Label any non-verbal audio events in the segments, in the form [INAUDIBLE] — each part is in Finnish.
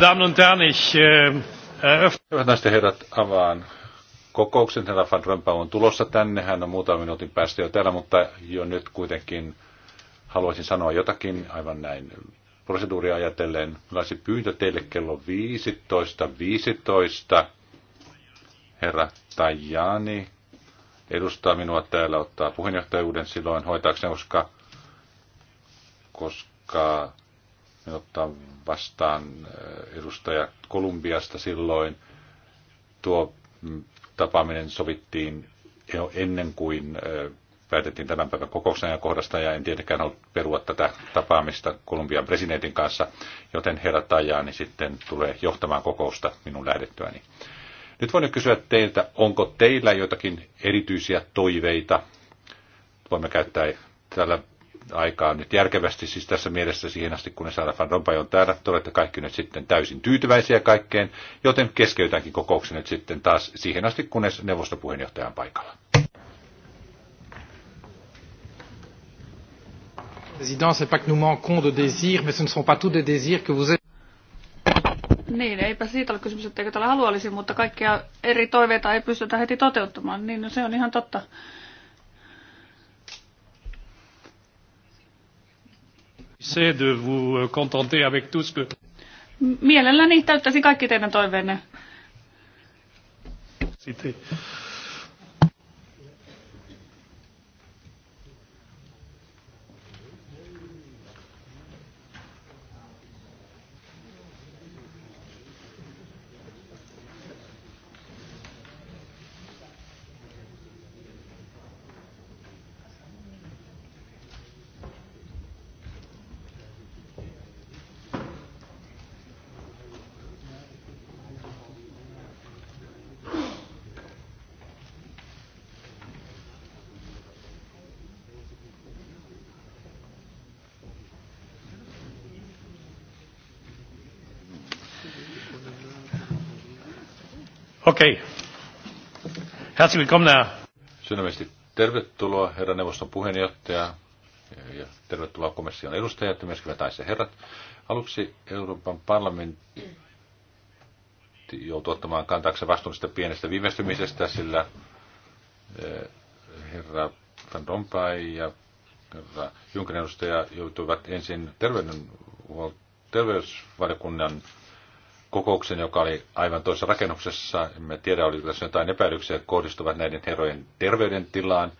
Damen und Herren, ich äh, avaan kokouksen. Herra Van Römpä on tulossa tänne. Hän on muutaman minuutin päästä jo täällä, mutta jo nyt kuitenkin haluaisin sanoa jotakin aivan näin proseduuria ajatellen. Laisi pyyntö teille kello 15.15. 15. Herra Tajani edustaa minua täällä, ottaa puheenjohtajuuden silloin hoitaakseen, koska, koska ottaa vastaan eh, edustaja Kolumbiasta silloin. Tuo mm, tapaaminen sovittiin jo ennen kuin eh, päätettiin tämän päivän kokouksen kohdasta ja en tietenkään halua perua tätä tapaamista Kolumbian presidentin kanssa, joten herra Tajani sitten tulee johtamaan kokousta minun lähdettyäni. Nyt voin kysyä teiltä, onko teillä jotakin erityisiä toiveita? Voimme käyttää tällä aikaa nyt järkevästi siis tässä mielessä siihen asti, kunnes Saara Van Rompuy on täällä. Te olette kaikki nyt sitten täysin tyytyväisiä kaikkeen, joten keskeytänkin kokouksen nyt sitten taas siihen asti, kunnes neuvostopuheenjohtaja on paikalla. Président, c'est pas que nous manquons de mais ce ne sont pas tous des désirs que vous Niin, eipä siitä ole kysymys, etteikö tällä haluaisi, mutta kaikkia eri toiveita ei pystytä heti toteuttamaan. Niin, no se on ihan totta. Euh, mielelläni täyttäisin kaikki teidän toiveenne. Herzlich willkommen, Herr. Sydämesti tervetuloa, herra neuvoston puheenjohtaja, ja tervetuloa komission edustajat ja myöskin hyvät naiset herrat. Aluksi Euroopan parlamentti joutuu ottamaan kantaakseen vastuun pienestä viivästymisestä, sillä eh, herra Van Rompuy ja herra Junkerin edustaja joutuivat ensin terveydenhuol- terveysvaliokunnan kokouksen, joka oli aivan toisessa rakennuksessa. En tiedä, oli tässä jotain epäilyksiä kohdistuvat näiden herrojen terveydentilaan.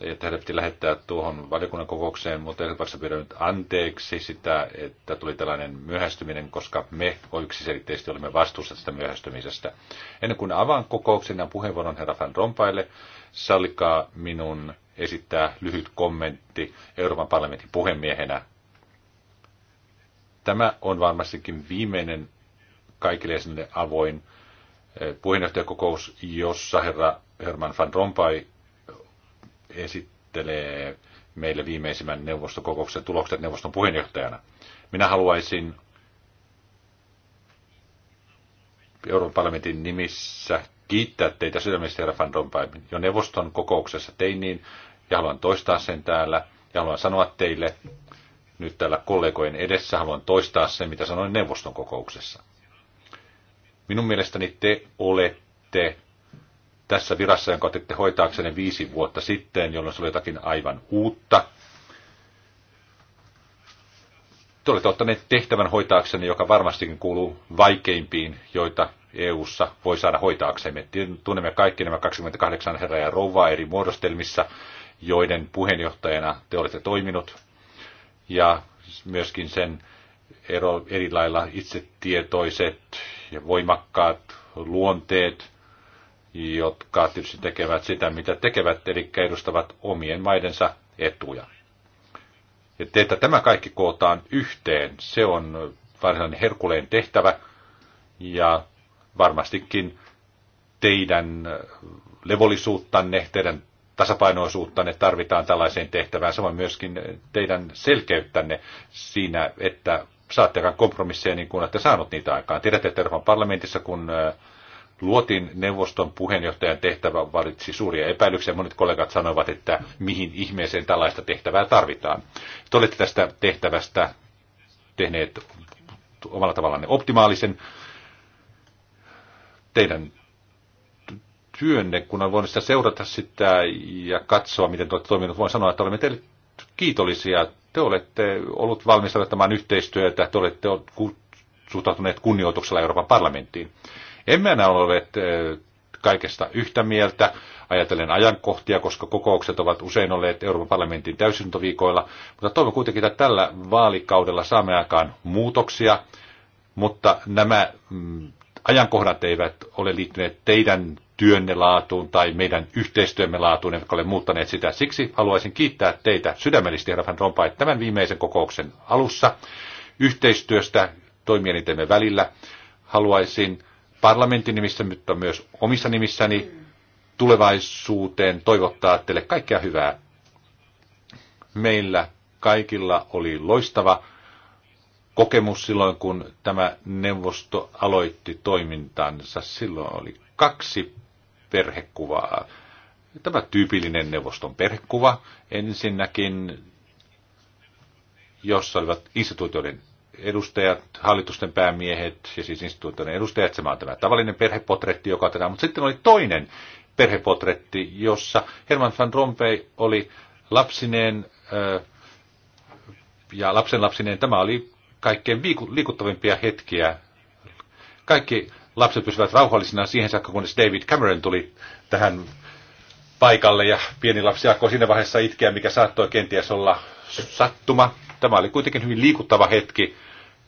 Että heidät piti lähettää tuohon valiokunnan kokoukseen, mutta esimerkiksi pyydän nyt anteeksi sitä, että tuli tällainen myöhästyminen, koska me yksiselitteisesti olimme vastuussa tästä myöhästymisestä. Ennen kuin avaan kokouksen ja puheenvuoron herra Van Rompaille, sallikaa minun esittää lyhyt kommentti Euroopan parlamentin puhemiehenä tämä on varmastikin viimeinen kaikille sinne avoin eh, puheenjohtajakokous, jossa herra Herman van Rompuy esittelee meille viimeisimmän neuvostokokouksen tulokset neuvoston puheenjohtajana. Minä haluaisin Euroopan parlamentin nimissä kiittää teitä sydämestä, herra Van Rompuy. Jo neuvoston kokouksessa tein niin, ja haluan toistaa sen täällä, ja haluan sanoa teille nyt täällä kollegojen edessä, haluan toistaa sen, mitä sanoin neuvoston kokouksessa. Minun mielestäni te olette tässä virassa, jonka otitte hoitaaksenne viisi vuotta sitten, jolloin se oli jotakin aivan uutta. Te olette ottaneet tehtävän hoitaaksenne, joka varmastikin kuuluu vaikeimpiin, joita EU-ssa voi saada hoitaaksemme. Tunnemme kaikki nämä 28 herraa ja rouvaa eri muodostelmissa, joiden puheenjohtajana te olette toiminut, ja myöskin sen ero, eri lailla itsetietoiset ja voimakkaat luonteet, jotka tietysti tekevät sitä, mitä tekevät, eli edustavat omien maidensa etuja. Että, että tämä kaikki kootaan yhteen, se on varsinainen Herkuleen tehtävä, ja varmastikin teidän levollisuuttanne, teidän tasapainoisuuttanne tarvitaan tällaiseen tehtävään, samoin myöskin teidän selkeyttänne siinä, että saatte aikaan kompromisseja niin kuin olette saanut niitä aikaan. Tiedätte, että Euroopan parlamentissa, kun luotin neuvoston puheenjohtajan tehtävä, valitsi suuria epäilyksiä. Monet kollegat sanoivat, että mihin ihmeeseen tällaista tehtävää tarvitaan. Te olette tästä tehtävästä tehneet omalla tavallaan optimaalisen. Teidän työnne, kun on voinut sitä seurata sitä ja katsoa, miten te olette toiminut, voin sanoa, että olemme teille kiitollisia te olette ollut valmis aloittamaan yhteistyötä, te olette suhtautuneet kunnioituksella Euroopan parlamenttiin. Emme enää ole kaikesta yhtä mieltä, ajatellen ajankohtia, koska kokoukset ovat usein olleet Euroopan parlamentin täysintoviikoilla, mutta toivon kuitenkin, että tällä vaalikaudella saamme aikaan muutoksia, mutta nämä mm, ajankohdat eivät ole liittyneet teidän työnne laatuun tai meidän yhteistyömme laatuun, jotka ole muuttaneet sitä. Siksi haluaisin kiittää teitä sydämellisesti, herra Van Rompuy, tämän viimeisen kokouksen alussa yhteistyöstä toimielintemme välillä. Haluaisin parlamentin nimissä, mutta myös omissa nimissäni tulevaisuuteen toivottaa teille kaikkea hyvää. Meillä kaikilla oli loistava kokemus silloin, kun tämä neuvosto aloitti toimintansa. Silloin oli kaksi perhekuvaa. Tämä tyypillinen neuvoston perhekuva ensinnäkin, jossa olivat instituutioiden edustajat, hallitusten päämiehet ja siis instituutioiden edustajat, se on tämä tavallinen perhepotretti, joka otetaan. Mutta sitten oli toinen perhepotretti, jossa Herman van Rompuy oli lapsineen ja lapsen lapsineen. Tämä oli kaikkein liikuttavimpia hetkiä. Kaikki lapset pysyvät rauhallisina siihen saakka, kunnes David Cameron tuli tähän paikalle ja pieni lapsi alkoi siinä vaiheessa itkeä, mikä saattoi kenties olla sattuma. Tämä oli kuitenkin hyvin liikuttava hetki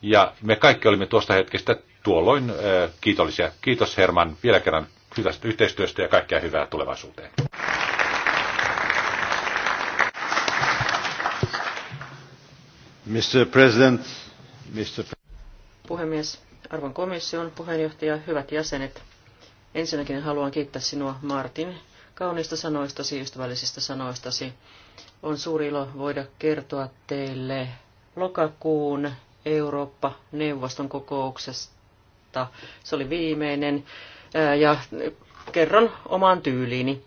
ja me kaikki olimme tuosta hetkestä tuolloin kiitollisia. Kiitos Herman vielä kerran hyvästä yhteistyöstä ja kaikkea hyvää tulevaisuuteen. Mr. President, Mr. Puhemies, arvon komission puheenjohtaja, hyvät jäsenet. Ensinnäkin haluan kiittää sinua, Martin, kauniista sanoistasi, ystävällisistä sanoistasi. On suuri ilo voida kertoa teille lokakuun Eurooppa-neuvoston kokouksesta. Se oli viimeinen ja kerron omaan tyyliini.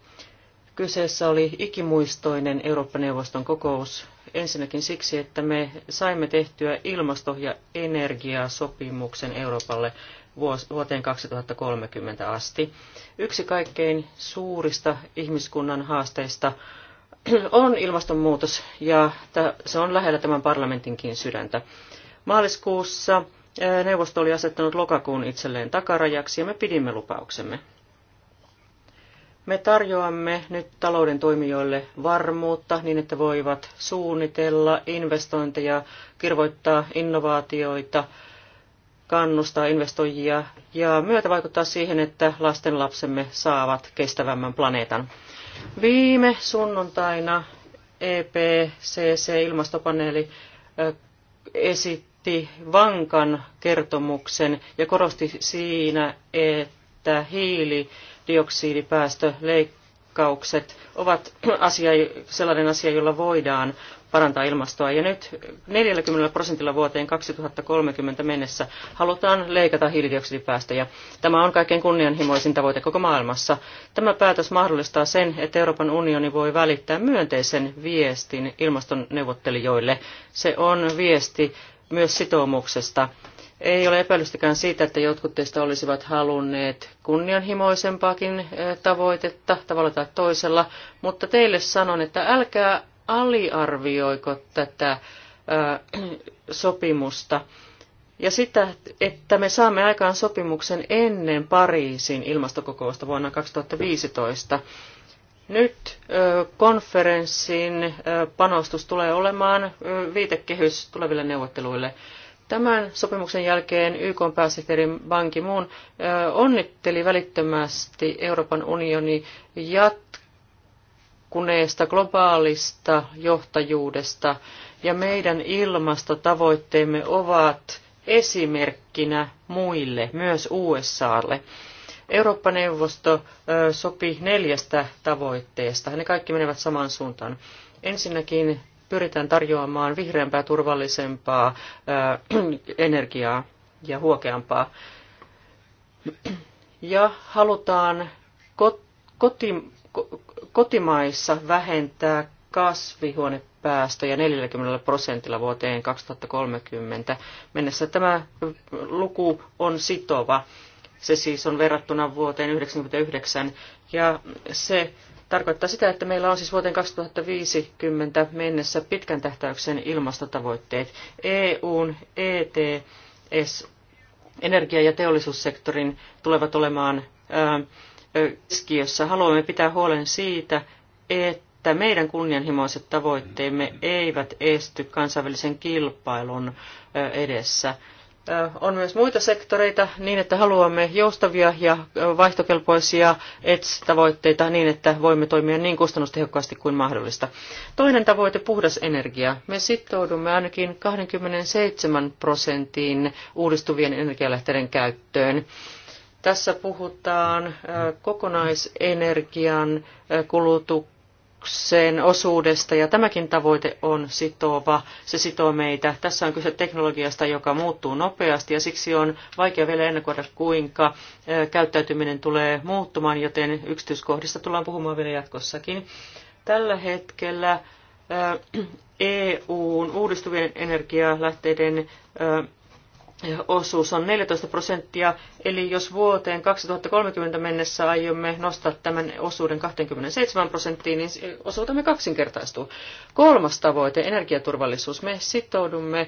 Kyseessä oli ikimuistoinen Eurooppa-neuvoston kokous, Ensinnäkin siksi, että me saimme tehtyä ilmasto- ja energiasopimuksen Euroopalle vuoteen 2030 asti. Yksi kaikkein suurista ihmiskunnan haasteista [CLEARS THROAT] on ilmastonmuutos ja se on lähellä tämän parlamentinkin sydäntä. Maaliskuussa neuvosto oli asettanut lokakuun itselleen takarajaksi ja me pidimme lupauksemme. Me tarjoamme nyt talouden toimijoille varmuutta niin, että voivat suunnitella investointeja, kirvoittaa innovaatioita, kannustaa investoijia ja myötä vaikuttaa siihen, että lastenlapsemme saavat kestävämmän planeetan. Viime sunnuntaina EPCC-ilmastopaneeli esitti vankan kertomuksen ja korosti siinä, että hiili hiilidioksidipäästöleikkaukset ovat [CLEARS THROAT] asia, sellainen asia, jolla voidaan parantaa ilmastoa. Ja nyt 40 prosentilla vuoteen 2030 mennessä halutaan leikata hiilidioksidipäästöjä. Tämä on kaikkein kunnianhimoisin tavoite koko maailmassa. Tämä päätös mahdollistaa sen, että Euroopan unioni voi välittää myönteisen viestin ilmastoneuvottelijoille. Se on viesti myös sitoumuksesta ei ole epäilystäkään siitä, että jotkut teistä olisivat halunneet kunnianhimoisempaakin eh, tavoitetta tavalla tai toisella, mutta teille sanon, että älkää aliarvioiko tätä eh, sopimusta ja sitä, että me saamme aikaan sopimuksen ennen Pariisin ilmastokokousta vuonna 2015. Nyt eh, konferenssin panostus tulee olemaan viitekehys tuleville neuvotteluille. Tämän sopimuksen jälkeen YK pääsihteeri Ban Ki-moon onnitteli välittömästi Euroopan unioni jatkuneesta globaalista johtajuudesta ja meidän ilmastotavoitteemme ovat esimerkkinä muille, myös USAlle. Eurooppa-neuvosto sopi neljästä tavoitteesta. Ne kaikki menevät samaan suuntaan. Ensinnäkin pyritään tarjoamaan vihreämpää, turvallisempaa [CLEARS THROAT] energiaa ja huokeampaa. Ja halutaan koti, kotimaissa vähentää kasvihuonepäästöjä 40 prosentilla vuoteen 2030 mennessä. Tämä luku on sitova. Se siis on verrattuna vuoteen 1999 ja se tarkoittaa sitä, että meillä on siis vuoteen 2050 mennessä pitkän tähtäyksen ilmastotavoitteet. EUn ETS, energia- ja teollisuussektorin tulevat olemaan keskiössä. Haluamme pitää huolen siitä, että meidän kunnianhimoiset tavoitteemme eivät esty kansainvälisen kilpailun edessä on myös muita sektoreita niin, että haluamme joustavia ja vaihtokelpoisia ETS-tavoitteita niin, että voimme toimia niin kustannustehokkaasti kuin mahdollista. Toinen tavoite, puhdas energia. Me sitoudumme ainakin 27 prosenttiin uudistuvien energialähteiden käyttöön. Tässä puhutaan kokonaisenergian kulutuksesta kehityksen osuudesta ja tämäkin tavoite on sitova. Se sitoo meitä. Tässä on kyse teknologiasta, joka muuttuu nopeasti ja siksi on vaikea vielä ennakoida, kuinka käyttäytyminen tulee muuttumaan, joten yksityiskohdista tullaan puhumaan vielä jatkossakin. Tällä hetkellä EUn uudistuvien energialähteiden osuus on 14 prosenttia, eli jos vuoteen 2030 mennessä aiomme nostaa tämän osuuden 27 prosenttiin, niin osuutemme kaksinkertaistuu. Kolmas tavoite, energiaturvallisuus. Me sitoudumme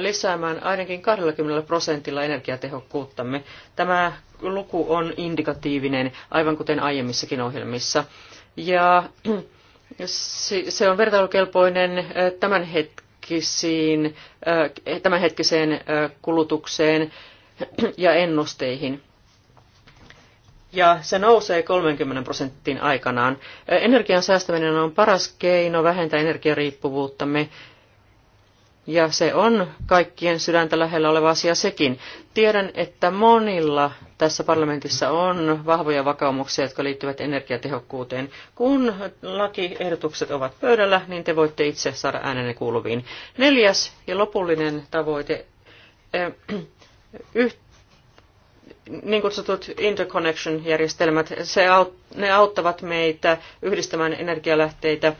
lisäämään ainakin 20 prosentilla energiatehokkuuttamme. Tämä luku on indikatiivinen, aivan kuten aiemmissakin ohjelmissa. Ja [CLEARS THROAT] se on vertailukelpoinen tämän hetken tämänhetkisiin, tämänhetkiseen kulutukseen ja ennusteihin. Ja se nousee 30 prosenttiin aikanaan. Energian säästäminen on paras keino vähentää energiariippuvuuttamme ja se on kaikkien sydäntä lähellä oleva asia sekin. Tiedän, että monilla tässä parlamentissa on vahvoja vakaumuksia, jotka liittyvät energiatehokkuuteen. Kun lakiehdotukset ovat pöydällä, niin te voitte itse saada äänenne kuuluviin. Neljäs ja lopullinen tavoite, äh, [CLEARS THROAT] yh, niin kutsutut interconnection-järjestelmät, se aut, ne auttavat meitä yhdistämään energialähteitä äh,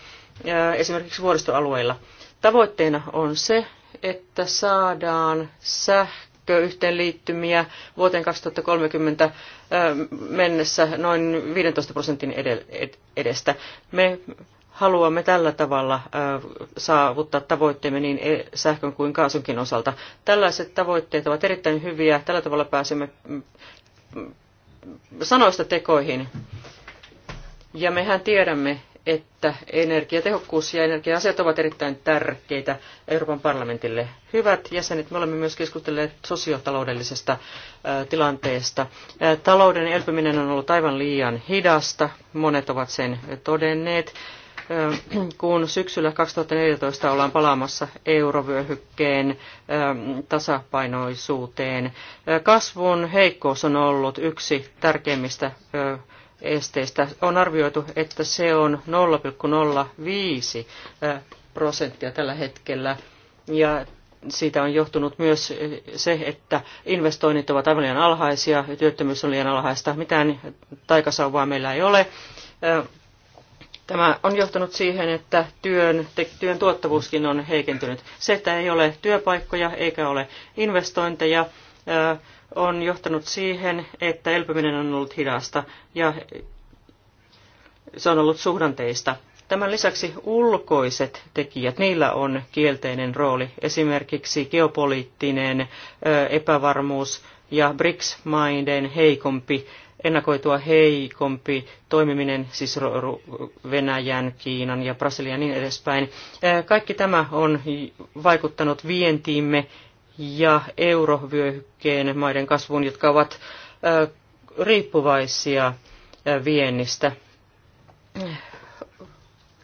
esimerkiksi vuoristoalueilla. Tavoitteena on se, että saadaan sähköyhteenliittymiä vuoteen 2030 mennessä noin 15 prosentin edestä. Me haluamme tällä tavalla saavuttaa tavoitteemme niin e-, sähkön kuin kaasunkin osalta. Tällaiset tavoitteet ovat erittäin hyviä. Tällä tavalla pääsemme mm, sanoista tekoihin. Ja mehän tiedämme, että energiatehokkuus ja energia-asiat ovat erittäin tärkeitä Euroopan parlamentille. Hyvät jäsenet, me olemme myös keskustelleet sosiotaloudellisesta tilanteesta. talouden elpyminen on ollut aivan liian hidasta, monet ovat sen todenneet. kun syksyllä 2014 ollaan palaamassa eurovyöhykkeen tasapainoisuuteen, kasvun heikkous on ollut yksi tärkeimmistä esteistä. On arvioitu, että se on 0,05 prosenttia tällä hetkellä. Ja siitä on johtunut myös se, että investoinnit ovat aivan liian alhaisia ja työttömyys on liian alhaista. Mitään taikasauvaa meillä ei ole. Tämä on johtanut siihen, että työn, te, työn tuottavuuskin on heikentynyt. Se, että ei ole työpaikkoja eikä ole investointeja, on johtanut siihen, että elpyminen on ollut hidasta ja se on ollut suhdanteista. Tämän lisäksi ulkoiset tekijät, niillä on kielteinen rooli, esimerkiksi geopoliittinen epävarmuus ja BRICS-maiden heikompi, ennakoitua heikompi toimiminen, siis Venäjän, Kiinan ja Brasilian ja niin edespäin. Kaikki tämä on vaikuttanut vientiimme ja eurovyöhykkeen maiden kasvuun, jotka ovat riippuvaisia viennistä.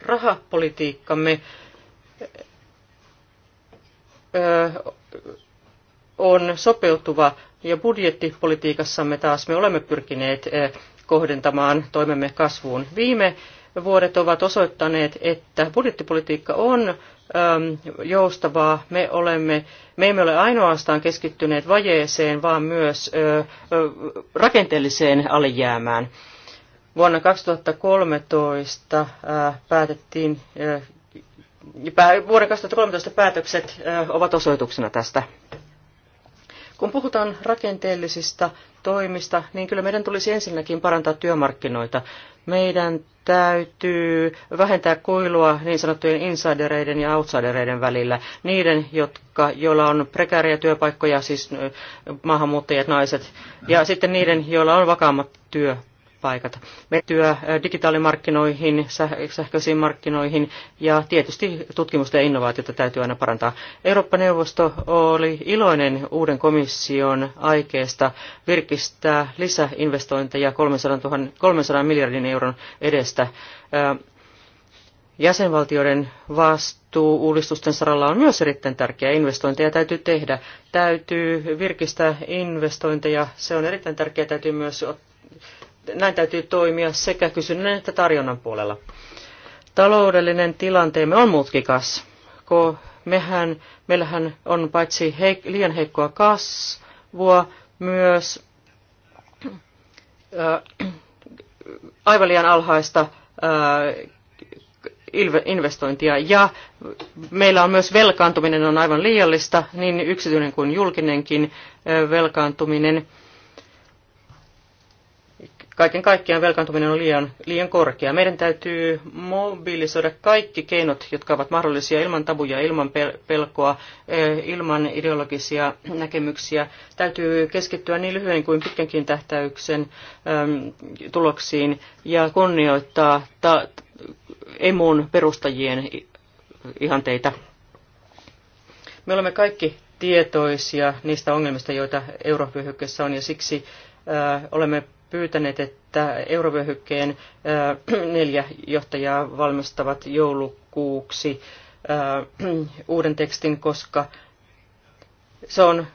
Rahapolitiikkamme on sopeutuva ja budjettipolitiikassamme taas me olemme pyrkineet kohdentamaan toimemme kasvuun. Viime vuodet ovat osoittaneet, että budjettipolitiikka on ähm, joustavaa. Me, olemme, me emme ole ainoastaan keskittyneet vajeeseen, vaan myös rakenteelliseen alijäämään. Vuonna 2013 äh, päätettiin, vuoden 2013 päätökset ovat osoituksena tästä. Kun puhutaan rakenteellisista toimista, niin kyllä meidän tulisi ensinnäkin parantaa työmarkkinoita. Meidän täytyy vähentää kuilua niin sanottujen insidereiden ja outsidereiden välillä. Niiden, jotka, joilla on prekääriä työpaikkoja, siis maahanmuuttajat, naiset, ja sitten niiden, joilla on vakaammat työpaikat paikat. Metyä digitaalimarkkinoihin, sähköisiin markkinoihin ja tietysti tutkimusta ja innovaatiota täytyy aina parantaa. Eurooppa-neuvosto oli iloinen uuden komission aikeesta virkistää lisäinvestointeja 300, 000, 300 miljardin euron edestä jäsenvaltioiden vastuu uudistusten saralla on myös erittäin tärkeä. Investointeja täytyy tehdä. Täytyy virkistää investointeja. Se on erittäin tärkeää. Täytyy myös ottaa näin täytyy toimia sekä kysynnän että tarjonnan puolella. Taloudellinen tilanteemme on mutkikas. kun mehän, meillähän on paitsi heik, liian heikkoa kasvua, myös aivan liian alhaista investointia. Ja meillä on myös velkaantuminen on aivan liiallista, niin yksityinen kuin julkinenkin velkaantuminen. Kaiken kaikkiaan velkaantuminen on liian, liian korkea. Meidän täytyy mobilisoida kaikki keinot, jotka ovat mahdollisia ilman tabuja, ilman pelkoa, ilman ideologisia näkemyksiä. Täytyy keskittyä niin lyhyen kuin pitkänkin tähtäyksen tuloksiin ja kunnioittaa ta- emun perustajien ihanteita. Me olemme kaikki tietoisia niistä ongelmista, joita eurovyöhykkeessä on, ja siksi olemme pyytäneet, että eurovyöhykkeen [CLEARS THROAT] neljä johtajaa valmistavat joulukuuksi [CLEARS THROAT] uuden tekstin, koska se on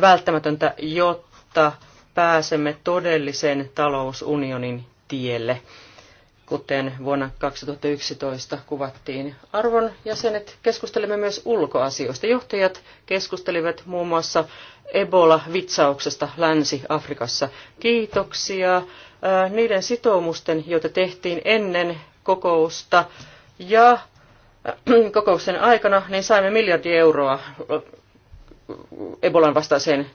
välttämätöntä, jotta pääsemme todellisen talousunionin tielle kuten vuonna 2011 kuvattiin. Arvon jäsenet, keskustelemme myös ulkoasioista. Johtajat keskustelivat muun muassa Ebola-vitsauksesta Länsi-Afrikassa. Kiitoksia äh, niiden sitoumusten, joita tehtiin ennen kokousta ja äh, [CLEARS THROAT] kokouksen aikana, niin saimme miljardi euroa äh, Ebolan vastaiseen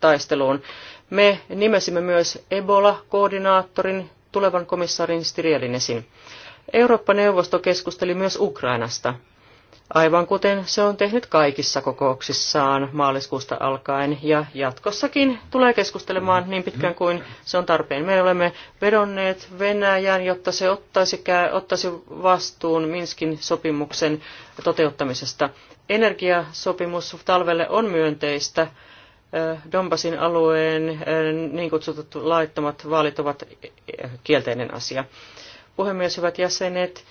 taisteluun. Me nimesimme myös Ebola-koordinaattorin tulevan komissaarin Styrielinesin. Eurooppa-neuvosto keskusteli myös Ukrainasta, aivan kuten se on tehnyt kaikissa kokouksissaan maaliskuusta alkaen ja jatkossakin tulee keskustelemaan niin pitkään kuin se on tarpeen. Me olemme vedonneet Venäjään, jotta se ottaisi, ottaisi vastuun Minskin sopimuksen toteuttamisesta. Energiasopimus talvelle on myönteistä Donbasin alueen eh, niin kutsutut laittomat vaalit ovat eh, kielteinen asia. Puhemies, hyvät jäsenet,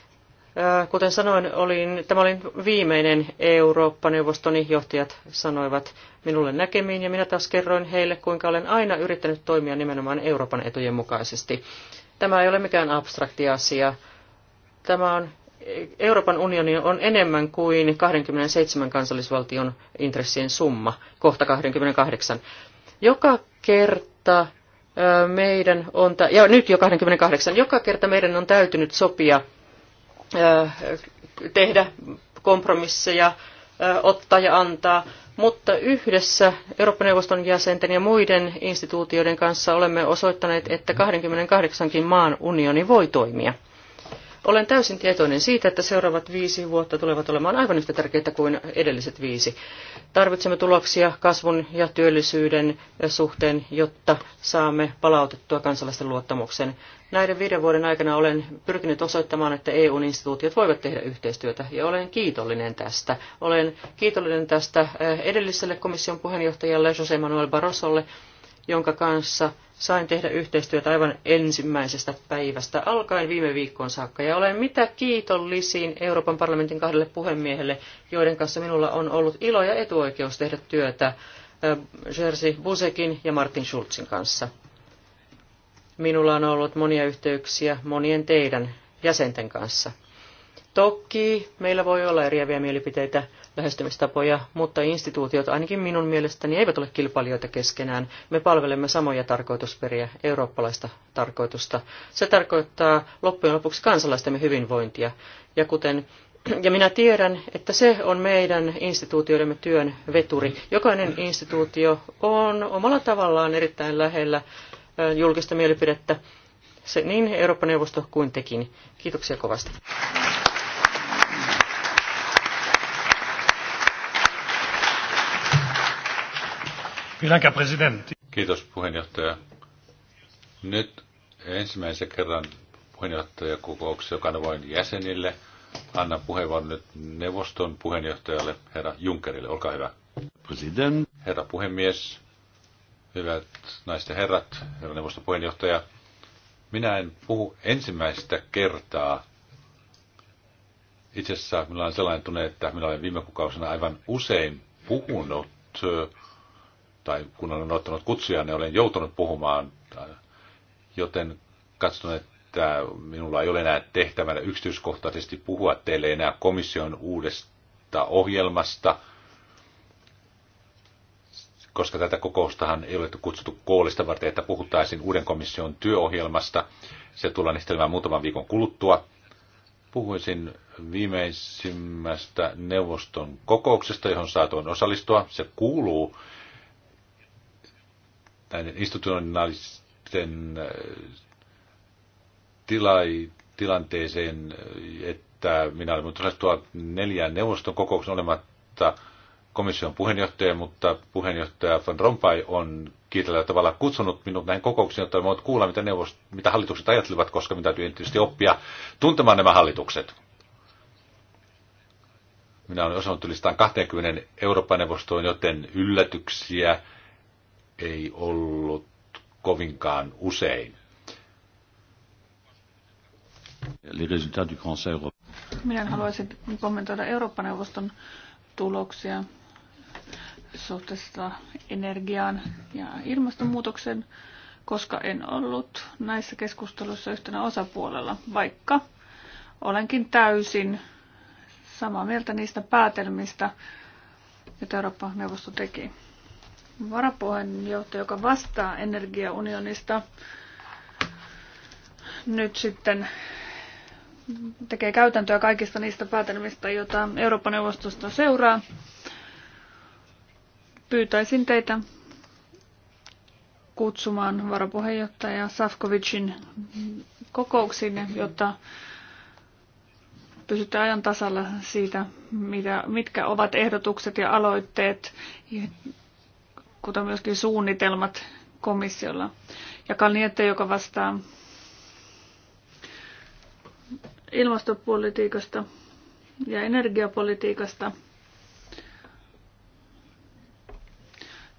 eh, kuten sanoin, olin, tämä oli viimeinen eurooppa neuvoston johtajat sanoivat minulle näkemiin ja minä taas kerroin heille, kuinka olen aina yrittänyt toimia nimenomaan Euroopan etujen mukaisesti. Tämä ei ole mikään abstrakti asia. Tämä on Euroopan unioni on enemmän kuin 27 kansallisvaltion intressien summa, kohta 28. Joka kerta meidän on, ja nyt jo 28, joka kerta meidän on täytynyt sopia, tehdä kompromisseja, ottaa ja antaa, mutta yhdessä Euroopan neuvoston jäsenten ja muiden instituutioiden kanssa olemme osoittaneet, että 28kin maan unioni voi toimia. Olen täysin tietoinen siitä, että seuraavat viisi vuotta tulevat olemaan aivan yhtä tärkeitä kuin edelliset viisi. Tarvitsemme tuloksia kasvun ja työllisyyden suhteen, jotta saamme palautettua kansalaisten luottamuksen. Näiden viiden vuoden aikana olen pyrkinyt osoittamaan, että EUn instituutiot voivat tehdä yhteistyötä ja olen kiitollinen tästä. Olen kiitollinen tästä eh, edelliselle komission puheenjohtajalle José Manuel Barrosolle jonka kanssa sain tehdä yhteistyötä aivan ensimmäisestä päivästä alkaen viime viikkoon saakka. Ja olen mitä kiitollisiin Euroopan parlamentin kahdelle puhemiehelle, joiden kanssa minulla on ollut ilo ja etuoikeus tehdä työtä Jerzy Busekin ja Martin Schulzin kanssa. Minulla on ollut monia yhteyksiä monien teidän jäsenten kanssa. Toki meillä voi olla eriäviä mielipiteitä, lähestymistapoja, mutta instituutiot ainakin minun mielestäni eivät ole kilpailijoita keskenään. Me palvelemme samoja tarkoitusperiä, eurooppalaista tarkoitusta. Se tarkoittaa loppujen lopuksi kansalaistemme hyvinvointia. Ja, kuten, [CLEARS THROAT] ja minä tiedän, että se on meidän instituutioidemme työn veturi. Jokainen instituutio on omalla tavallaan erittäin lähellä julkista mielipidettä, se, niin Eurooppa-neuvosto kuin tekin. Kiitoksia kovasti. Kiitos puheenjohtaja. Nyt ensimmäisen kerran puheenjohtajakokouksessa, joka on jäsenille. Anna puheenvuoron nyt neuvoston puheenjohtajalle, herra Junckerille. Olkaa hyvä. President. Herra puhemies, hyvät naiset ja herrat, herra neuvoston puheenjohtaja. Minä en puhu ensimmäistä kertaa. Itse asiassa minulla on sellainen tunne, että minä olen viime kuukausina aivan usein puhunut tai kun olen ottanut kutsuja, niin olen joutunut puhumaan, joten katson, että minulla ei ole enää tehtävänä yksityiskohtaisesti puhua teille enää komission uudesta ohjelmasta, koska tätä kokoustahan ei ole kutsuttu koolista varten, että puhuttaisiin uuden komission työohjelmasta. Se tullaan esittelemään muutaman viikon kuluttua. Puhuisin viimeisimmästä neuvoston kokouksesta, johon saatoin osallistua. Se kuuluu näiden institutionaalisten äh, tilai, tilanteeseen, että minä olen osallistua neljään neuvoston kokouksen olematta komission puheenjohtaja, mutta puheenjohtaja Van Rompuy on kiitellä tavalla kutsunut minut näihin kokouksiin, jotta voin kuulla, mitä, neuvost- mitä hallitukset ajattelivat, koska minä täytyy tietysti oppia tuntemaan nämä hallitukset. Minä olen osannut listaan 20 Euroopan neuvostoon, joten yllätyksiä ei ollut kovinkaan usein. Minä haluaisin kommentoida Eurooppa-neuvoston tuloksia suhteessa energiaan ja ilmastonmuutokseen, koska en ollut näissä keskusteluissa yhtenä osapuolella, vaikka olenkin täysin samaa mieltä niistä päätelmistä, joita Eurooppa-neuvosto teki varapuheenjohtaja, joka vastaa energiaunionista, nyt sitten tekee käytäntöä kaikista niistä päätelmistä, joita Euroopan neuvostosta seuraa. Pyytäisin teitä kutsumaan varapuheenjohtaja Safkovicin kokouksiin, jotta pysytään ajan tasalla siitä, mitä, mitkä ovat ehdotukset ja aloitteet kuten myöskin suunnitelmat komissiolla. Ja Kalniette, joka vastaa ilmastopolitiikasta ja energiapolitiikasta,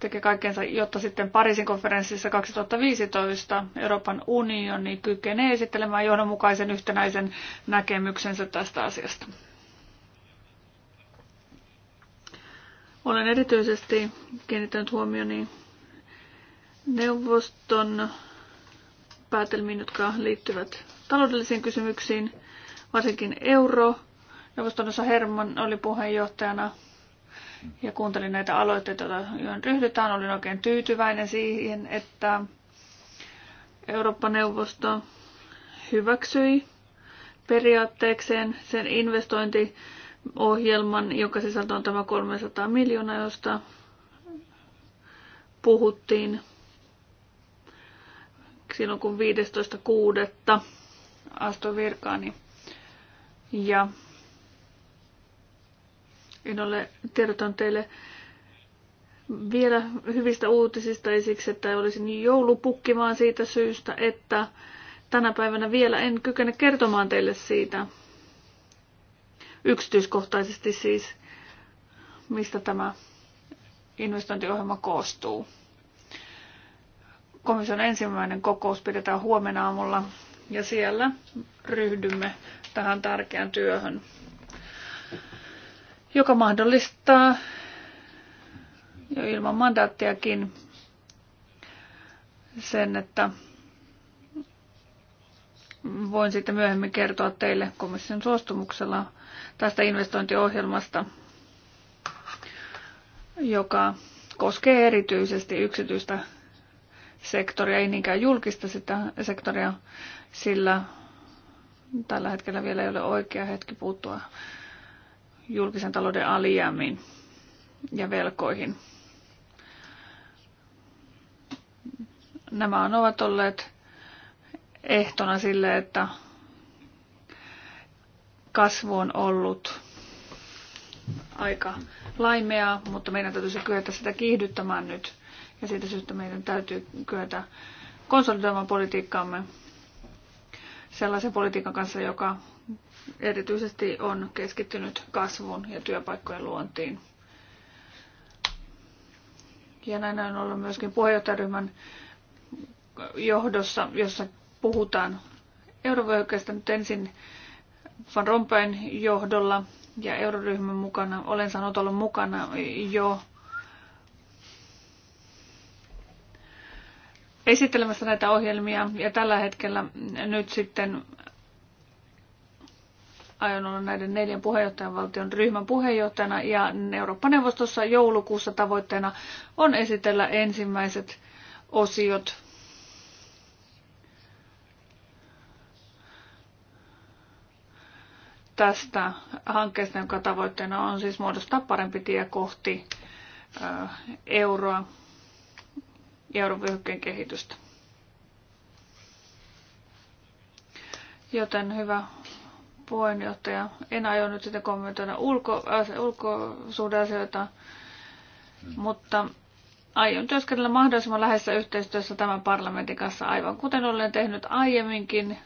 tekee kaikkensa, jotta sitten Pariisin konferenssissa 2015 Euroopan unioni kykenee esittelemään johdonmukaisen yhtenäisen näkemyksensä tästä asiasta. Olen erityisesti kiinnittänyt huomioni neuvoston päätelmiin, jotka liittyvät taloudellisiin kysymyksiin, varsinkin euro. Neuvoston osa Herman oli puheenjohtajana ja kuuntelin näitä aloitteita, joihin ryhdytään. Olin oikein tyytyväinen siihen, että Eurooppa-neuvosto hyväksyi periaatteekseen sen investointi- ohjelman, joka sisältö on tämä 300 miljoonaa, josta puhuttiin silloin kun 15.6. astui virkaani. Ja en ole tiedotan teille vielä hyvistä uutisista, esiksi, että olisin joulupukki, vaan siitä syystä, että tänä päivänä vielä en kykene kertomaan teille siitä, yksityiskohtaisesti siis, mistä tämä investointiohjelma koostuu. Komission ensimmäinen kokous pidetään huomenna aamulla ja siellä ryhdymme tähän tärkeään työhön, joka mahdollistaa jo ilman mandaattiakin sen, että voin sitten myöhemmin kertoa teille komission suostumuksella tästä investointiohjelmasta, joka koskee erityisesti yksityistä sektoria, ei niinkään julkista sitä sektoria, sillä tällä hetkellä vielä ei ole oikea hetki puuttua julkisen talouden alijäämiin ja velkoihin. Nämä ovat olleet ehtona sille, että kasvu on ollut aika laimea, mutta meidän täytyisi kyetä sitä kiihdyttämään nyt. Ja siitä syystä meidän täytyy kyetä konsolidoimaan politiikkaamme sellaisen politiikan kanssa, joka erityisesti on keskittynyt kasvun ja työpaikkojen luontiin. Ja näin on ollut myöskin puheenjohtajaryhmän johdossa, jossa puhutaan eurovyöhykkeestä nyt ensin Van Rompuyn johdolla ja euroryhmän mukana. Olen saanut olla mukana jo esittelemässä näitä ohjelmia ja tällä hetkellä nyt sitten aion olla näiden neljän puheenjohtajan valtion ryhmän puheenjohtajana ja Eurooppa-neuvostossa joulukuussa tavoitteena on esitellä ensimmäiset osiot tästä hankkeesta, jonka tavoitteena on siis muodostaa parempi tie kohti euroa ja eurovyöhykkeen kehitystä. Joten hyvä puheenjohtaja, en aio nyt sitä kommentoida ulko, äh, ulkosuhdeasioita, mutta aion työskennellä mahdollisimman läheisessä yhteistyössä tämän parlamentin kanssa, aivan kuten olen tehnyt aiemminkin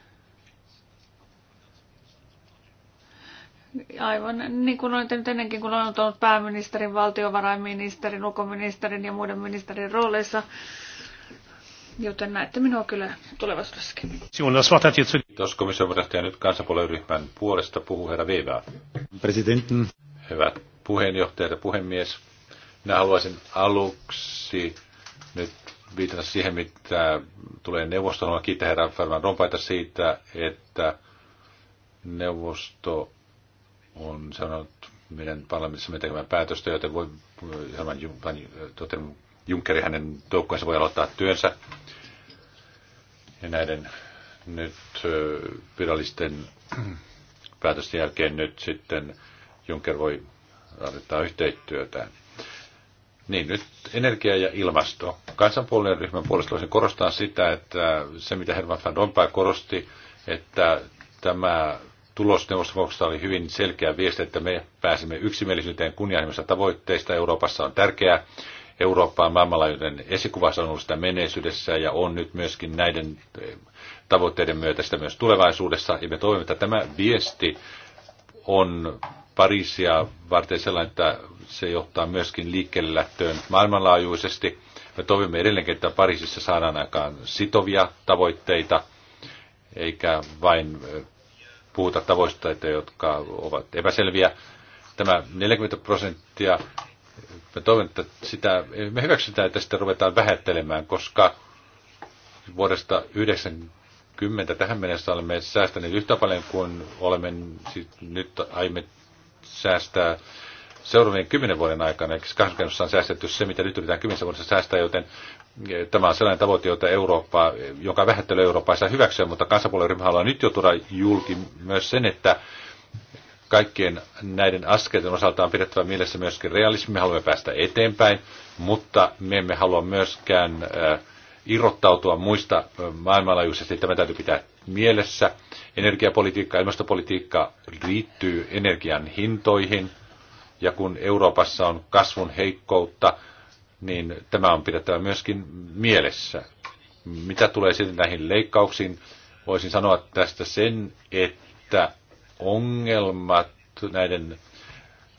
Aivan niin kuin olen tehnyt ennenkin, kun olen ollut pääministerin, valtiovarainministerin, ulkoministerin ja muiden ministerin rooleissa, joten näette minua kyllä tulevaisuudessakin. Kiitos komission varjohtaja nyt kansanpuolueryhmän puolesta puhuu herra Viivää. Presidentin. Hyvät puheenjohtajat ja puhemies. Minä haluaisin aluksi nyt viitata siihen, mitä tulee neuvostoon. Haluan kiittää herra Rompaita siitä, että neuvosto on sanonut meidän parlamentissamme tekemään päätöstä, joten voi Herman äh, Junckeri hänen joukkueensa voi aloittaa työnsä. Ja näiden nyt äh, virallisten [CLEARS THROAT] päätösten jälkeen nyt sitten Juncker voi aloittaa yhteistyötään. Niin, nyt energia ja ilmasto. Kansanpuolueen ryhmän puolesta voisin korostaa sitä, että se mitä Herman van Rompuy korosti, että tämä tulosneuvostokokouksesta oli hyvin selkeä viesti, että me pääsimme yksimielisyyteen kunnianhimoisista tavoitteista. Euroopassa on tärkeää. Eurooppa on maailmanlaajuinen esikuva, on ollut sitä menneisyydessä ja on nyt myöskin näiden eh, tavoitteiden myötä sitä myös tulevaisuudessa. Ja me toivomme, että tämä viesti on Pariisia varten sellainen, että se johtaa myöskin liikkeelle lähtöön maailmanlaajuisesti. Me toivomme edelleenkin, että Pariisissa saadaan aikaan sitovia tavoitteita, eikä vain eh, puhuta tavoista, jotka ovat epäselviä. Tämä 40 prosenttia, me toivon, että sitä, me hyväksytään, että sitä ruvetaan vähättelemään, koska vuodesta 90 tähän mennessä olemme säästäneet yhtä paljon kuin olemme siis nyt aiemmin säästää seuraavien kymmenen vuoden aikana, eli kansankennossa on säästetty se, mitä nyt yritetään kymmenessä vuodessa säästää, joten eh, tämä on sellainen tavoite, jota Eurooppa, joka vähättely Eurooppaa, saa hyväksyä, mutta kansanpuolueryhmä haluaa nyt jo tuoda julki myös sen, että kaikkien näiden askelten osalta on pidettävä mielessä myöskin realismi. Me haluamme päästä eteenpäin, mutta me emme halua myöskään eh, irrottautua muista eh, maailmanlaajuisesti. Tämä täytyy pitää mielessä. Energiapolitiikka, ilmastopolitiikka liittyy energian hintoihin – ja kun Euroopassa on kasvun heikkoutta, niin tämä on pidettävä myöskin mielessä. Mitä tulee sitten näihin leikkauksiin, voisin sanoa tästä sen, että ongelmat näiden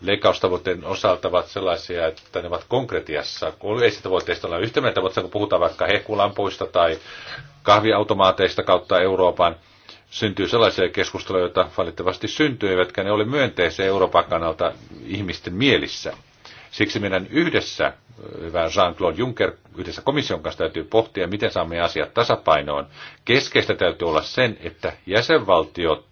leikkaustavoitteiden osalta ovat sellaisia, että ne ovat konkretiassa. Ei sitä tavoitteista olla yhtä mieltä, mutta kun puhutaan vaikka hehkulampuista tai kahviautomaateista kautta Euroopan, syntyy sellaisia keskusteluja, joita valitettavasti syntyy, eivätkä ne ole myönteisiä Euroopan kannalta ihmisten mielissä. Siksi meidän yhdessä, hyvä Jean-Claude Juncker, yhdessä komission kanssa täytyy pohtia, miten saamme asiat tasapainoon. Keskeistä täytyy olla sen, että jäsenvaltiot,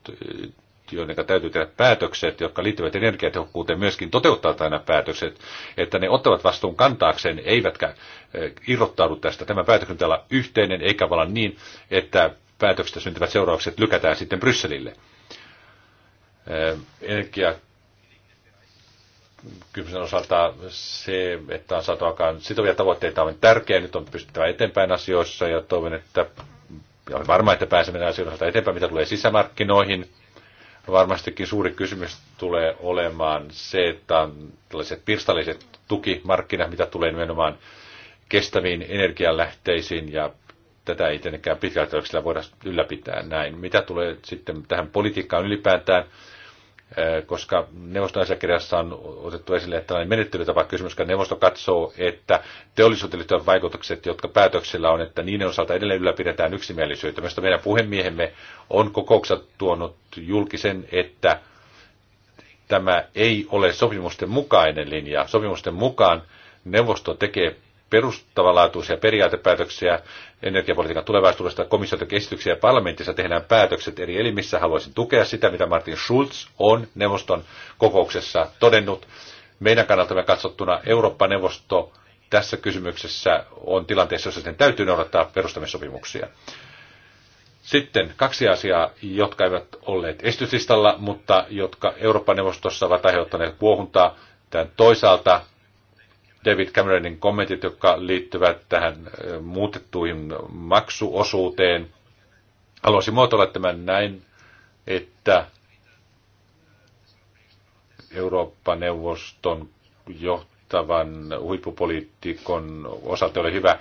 joiden täytyy tehdä päätökset, jotka liittyvät energiatehokkuuteen, myöskin toteuttaa aina päätökset, että ne ottavat vastuun kantaakseen, eivätkä eh, irrottaudu tästä. Tämä päätöksen täällä yhteinen, eikä vaan niin, että päätöksestä syntyvät seuraukset lykätään sitten Brysselille. Äh, energia kysymyksen osalta se, että on saatu aikaan sitovia tavoitteita on tärkeää. Nyt on pystyttävä eteenpäin asioissa ja toivon, että ja olen varma, että pääsemme asioiden osalta eteenpäin, mitä tulee sisämarkkinoihin. Varmastikin suuri kysymys tulee olemaan se, että on tällaiset pirstalliset tukimarkkinat, mitä tulee nimenomaan kestäviin energianlähteisiin ja tätä ei tietenkään pitkällä voida ylläpitää näin. Mitä tulee sitten tähän politiikkaan ylipäätään, eh, koska neuvoston on otettu esille tällainen menettelytapa kysymys, koska neuvosto katsoo, että teollisuuteen vaikutukset, jotka päätöksellä on, että niiden osalta edelleen ylläpidetään yksimielisyyttä. Myös meidän puhemiehemme on kokouksessa tuonut julkisen, että tämä ei ole sopimusten mukainen linja. Sopimusten mukaan neuvosto tekee perustavanlaatuisia periaatepäätöksiä energiapolitiikan tulevaisuudesta. Komissio tekee esityksiä parlamentissa tehdään päätökset eri elimissä. Haluaisin tukea sitä, mitä Martin Schulz on neuvoston kokouksessa todennut. Meidän kannaltamme katsottuna Eurooppa-neuvosto tässä kysymyksessä on tilanteessa, jossa sen täytyy noudattaa perustamissopimuksia. Sitten kaksi asiaa, jotka eivät olleet esityslistalla, mutta jotka Euroopan neuvostossa ovat aiheuttaneet kuohuntaa. Tämän toisaalta David Cameronin kommentit, jotka liittyvät tähän muutettuihin maksuosuuteen. Haluaisin muotoilla tämän näin, että Eurooppa-neuvoston johtavan huippupoliitikon osalta ole hyvä,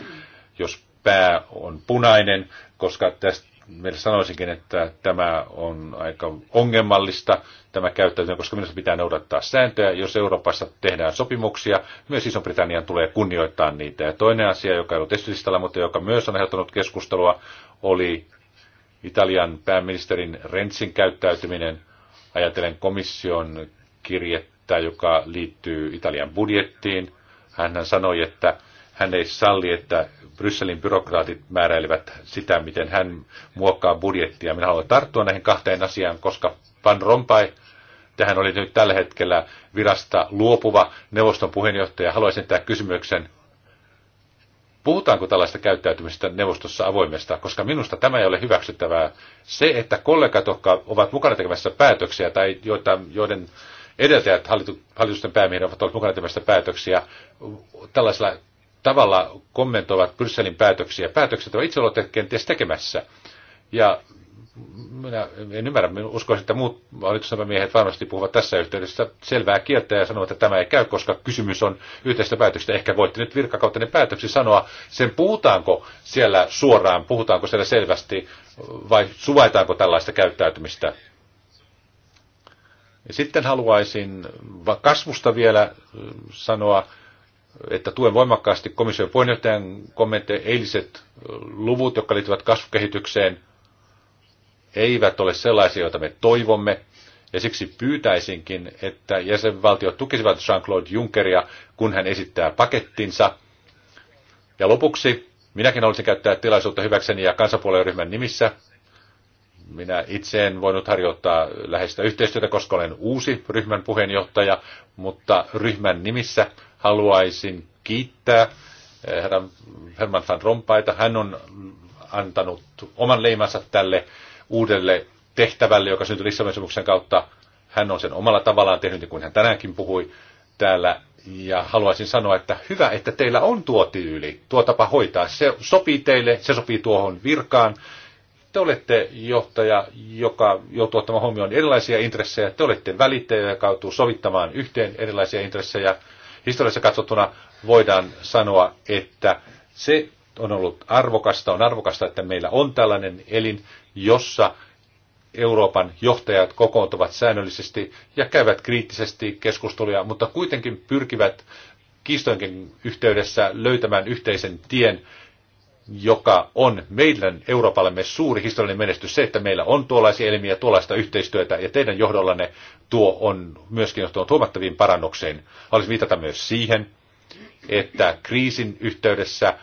jos pää on punainen, koska tästä meillä sanoisinkin, että tämä on aika ongelmallista, tämä käyttäytyminen, koska minusta pitää noudattaa sääntöjä. Jos Euroopassa tehdään sopimuksia, myös Iso-Britannian tulee kunnioittaa niitä. Ja toinen asia, joka ei ollut esitystalla, mutta joka myös on aiheuttanut keskustelua, oli Italian pääministerin Rensin käyttäytyminen. Ajatellen komission kirjettä, joka liittyy Italian budjettiin. Hän sanoi, että hän ei salli, että Brysselin byrokraatit määräilevät sitä, miten hän muokkaa budjettia. Minä haluan tarttua näihin kahteen asiaan, koska Van Rompuy, tähän oli nyt tällä hetkellä virasta luopuva neuvoston puheenjohtaja, haluaisin tämän kysymyksen, Puhutaanko tällaista käyttäytymistä neuvostossa avoimesta, koska minusta tämä ei ole hyväksyttävää. Se, että kollegat, jotka ovat mukana tekemässä päätöksiä tai joita, joiden edeltäjät hallitusten päämiehet ovat olleet mukana tekemässä päätöksiä, tällaisella tavalla kommentoivat Brysselin päätöksiä. Päätökset ovat itse olleet kenties tekemässä. Ja minä en ymmärrä, minä uskoisin, että muut valitusnäpämiehet varmasti puhuvat tässä yhteydessä selvää kieltä ja sanovat, että tämä ei käy, koska kysymys on yhteistä päätöstä, Ehkä voitte nyt ne päätöksi sanoa sen, puhutaanko siellä suoraan, puhutaanko siellä selvästi vai suvaitaanko tällaista käyttäytymistä. Ja sitten haluaisin kasvusta vielä sanoa, että tuen voimakkaasti komission puheenjohtajan kommentteja. Eiliset luvut, jotka liittyvät kasvukehitykseen, eivät ole sellaisia, joita me toivomme. Ja siksi pyytäisinkin, että jäsenvaltiot tukisivat Jean-Claude Junckeria, kun hän esittää pakettinsa. Ja lopuksi minäkin haluaisin käyttää tilaisuutta hyväkseni ja kansanpuolueen nimissä. Minä itse en voinut harjoittaa läheistä yhteistyötä, koska olen uusi ryhmän puheenjohtaja, mutta ryhmän nimissä haluaisin kiittää eh, herran Herman van Rompaita. Hän on antanut oman leimansa tälle uudelle tehtävälle, joka syntyi Lissabonin sopimuksen kautta. Hän on sen omalla tavallaan tehnyt, niin kuin hän tänäänkin puhui täällä. Ja haluaisin sanoa, että hyvä, että teillä on tuo tyyli, tuo tapa hoitaa. Se sopii teille, se sopii tuohon virkaan. Te olette johtaja, joka joutuu ottamaan huomioon erilaisia intressejä. Te olette välittäjä, joka joutuu sovittamaan yhteen erilaisia intressejä historiassa katsottuna voidaan sanoa, että se on ollut arvokasta, on arvokasta, että meillä on tällainen elin, jossa Euroopan johtajat kokoontuvat säännöllisesti ja käyvät kriittisesti keskusteluja, mutta kuitenkin pyrkivät kiistojenkin yhteydessä löytämään yhteisen tien joka on meidän Euroopallemme suuri historiallinen menestys, se, että meillä on tuollaisia elimiä, tuollaista yhteistyötä, ja teidän johdollanne tuo on myöskin johtanut huomattaviin parannukseen. Haluaisin viitata myös siihen, että kriisin yhteydessä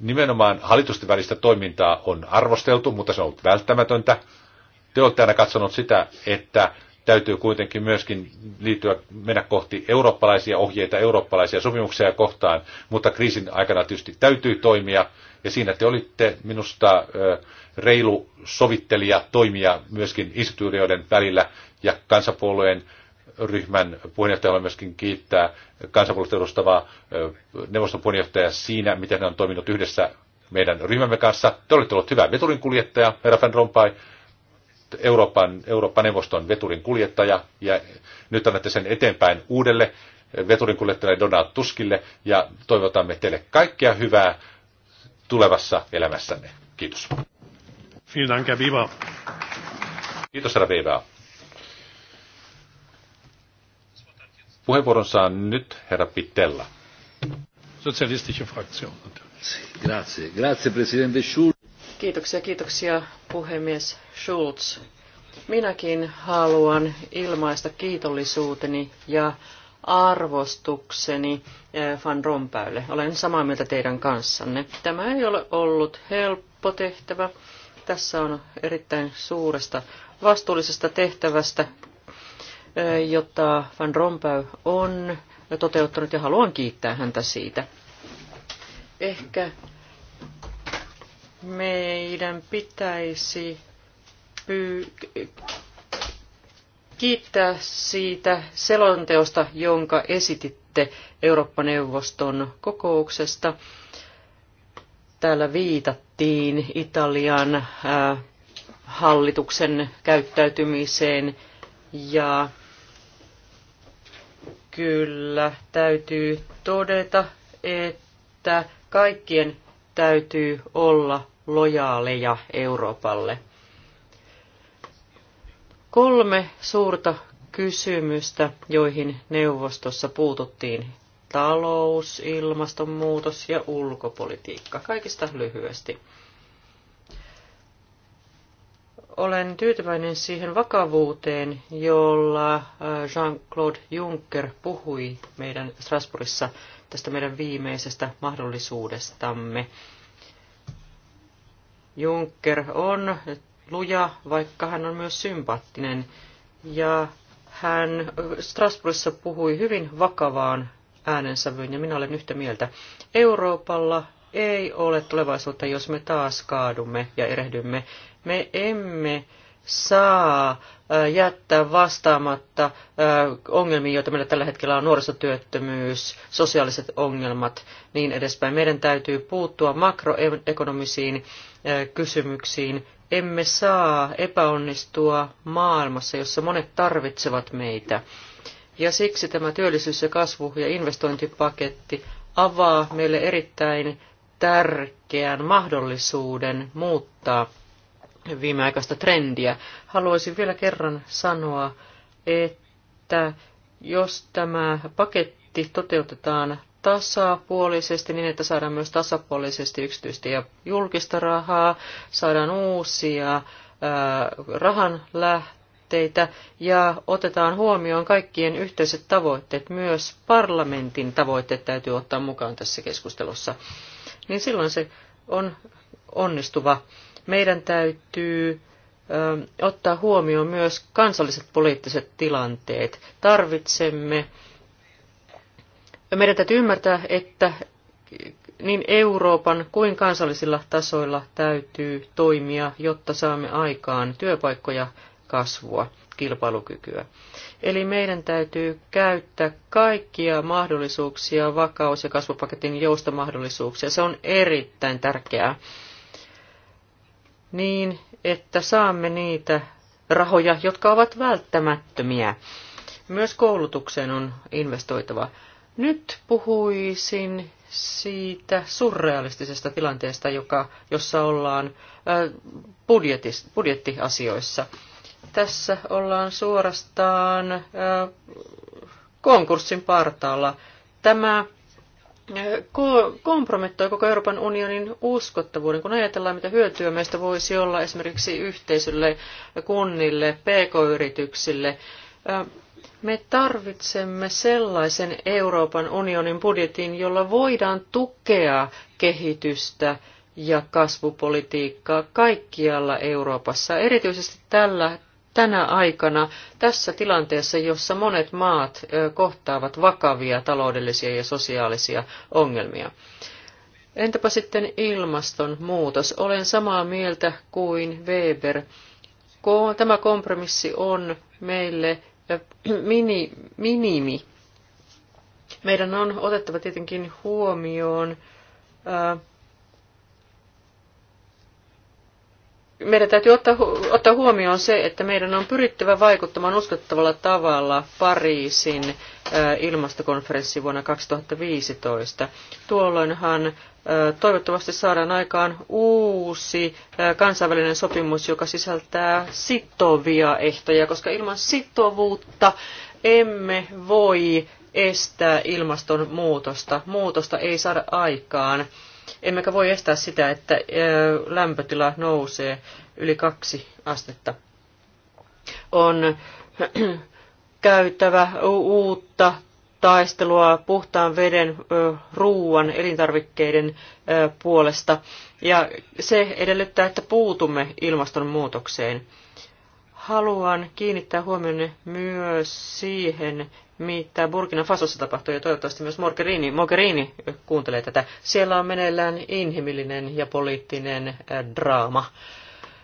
nimenomaan hallitusten välistä toimintaa on arvosteltu, mutta se on ollut välttämätöntä. Te olette aina katsonut sitä, että täytyy kuitenkin myöskin liittyä, mennä kohti eurooppalaisia ohjeita, eurooppalaisia sopimuksia kohtaan, mutta kriisin aikana tietysti täytyy toimia, ja siinä te olitte minusta reilu sovittelija toimia myöskin instituutioiden välillä ja kansapuolueen ryhmän puheenjohtajalla myöskin kiittää kansanpuolusta edustavaa neuvoston puheenjohtajaa siinä, miten hän on toiminut yhdessä meidän ryhmämme kanssa. Te olette ollut hyvä veturinkuljettaja, herra Van Rompuy, Euroopan, Euroopan neuvoston veturin kuljettaja ja nyt annatte sen eteenpäin uudelle veturin kuljettajalle Donald Tuskille ja toivotamme teille kaikkea hyvää tulevassa elämässänne. Kiitos. Kiitos, herra Viva. Puheenvuoron saa nyt herra Pitella. Sosialistische Fraktion. Grazie, grazie presidente Schulz. Kiitoksia, kiitoksia puhemies Schulz. Minäkin haluan ilmaista kiitollisuuteni ja arvostukseni eh, Van Rompäylle. Olen samaa mieltä teidän kanssanne. Tämä ei ole ollut helppo tehtävä. Tässä on erittäin suuresta vastuullisesta tehtävästä, eh, jota Van Rompäy on toteuttanut ja haluan kiittää häntä siitä. Ehkä meidän pitäisi pyy- kiittää siitä selonteosta, jonka esititte Eurooppa-neuvoston kokouksesta. Täällä viitattiin Italian äh, hallituksen käyttäytymiseen ja kyllä täytyy todeta, että kaikkien täytyy olla lojaaleja Euroopalle. Kolme suurta kysymystä, joihin neuvostossa puututtiin. Talous, ilmastonmuutos ja ulkopolitiikka. Kaikista lyhyesti. Olen tyytyväinen siihen vakavuuteen, jolla äh, Jean-Claude Juncker puhui meidän Strasbourgissa tästä meidän viimeisestä mahdollisuudestamme Juncker on luja, vaikka hän on myös sympaattinen. Ja hän Strasbourgissa puhui hyvin vakavaan äänensävyyn, ja minä olen yhtä mieltä. Euroopalla ei ole tulevaisuutta, jos me taas kaadumme ja erehdymme. Me emme saa jättää vastaamatta ongelmiin, joita meillä tällä hetkellä on nuorisotyöttömyys, sosiaaliset ongelmat, niin edespäin. Meidän täytyy puuttua makroekonomisiin kysymyksiin. Emme saa epäonnistua maailmassa, jossa monet tarvitsevat meitä. Ja siksi tämä työllisyys- ja kasvu- ja investointipaketti avaa meille erittäin tärkeän mahdollisuuden muuttaa viimeaikaista trendiä. Haluaisin vielä kerran sanoa, että jos tämä paketti toteutetaan tasapuolisesti, niin että saadaan myös tasapuolisesti yksityistä ja julkista rahaa, saadaan uusia ää, rahan lähteitä ja otetaan huomioon kaikkien yhteiset tavoitteet, myös parlamentin tavoitteet täytyy ottaa mukaan tässä keskustelussa, niin silloin se on onnistuva meidän täytyy ottaa huomioon myös kansalliset poliittiset tilanteet. Tarvitsemme, meidän täytyy ymmärtää, että niin Euroopan kuin kansallisilla tasoilla täytyy toimia, jotta saamme aikaan työpaikkoja, kasvua, kilpailukykyä. Eli meidän täytyy käyttää kaikkia mahdollisuuksia, vakaus- ja kasvupaketin joustomahdollisuuksia. Se on erittäin tärkeää niin, että saamme niitä rahoja, jotka ovat välttämättömiä. Myös koulutukseen on investoitava. Nyt puhuisin siitä surrealistisesta tilanteesta, joka, jossa ollaan budjetis, budjettiasioissa. Tässä ollaan suorastaan konkurssin partaalla. Tämä kompromettoi koko Euroopan unionin uskottavuuden, kun ajatellaan, mitä hyötyä meistä voisi olla esimerkiksi yhteisölle, kunnille, pk-yrityksille. Me tarvitsemme sellaisen Euroopan unionin budjetin, jolla voidaan tukea kehitystä ja kasvupolitiikkaa kaikkialla Euroopassa, erityisesti tällä tänä aikana tässä tilanteessa, jossa monet maat kohtaavat vakavia taloudellisia ja sosiaalisia ongelmia. Entäpä sitten ilmastonmuutos? Olen samaa mieltä kuin Weber. Tämä kompromissi on meille mini, minimi. Meidän on otettava tietenkin huomioon meidän täytyy ottaa, ottaa huomioon se, että meidän on pyrittävä vaikuttamaan uskottavalla tavalla Pariisin ilmastokonferenssi vuonna 2015. Tuolloinhan toivottavasti saadaan aikaan uusi kansainvälinen sopimus, joka sisältää sitovia ehtoja, koska ilman sitovuutta emme voi estää ilmastonmuutosta. Muutosta ei saada aikaan. Emmekä voi estää sitä, että lämpötila nousee yli kaksi astetta. On [CLEARS THROAT] käytävä uutta taistelua puhtaan veden, ruuan, elintarvikkeiden puolesta. Ja se edellyttää, että puutumme ilmastonmuutokseen. Haluan kiinnittää huomioon myös siihen, mitä Burkina Fasossa tapahtuu, ja toivottavasti myös Mogherini, Mogherini kuuntelee tätä. Siellä on meneillään inhimillinen ja poliittinen äh, draama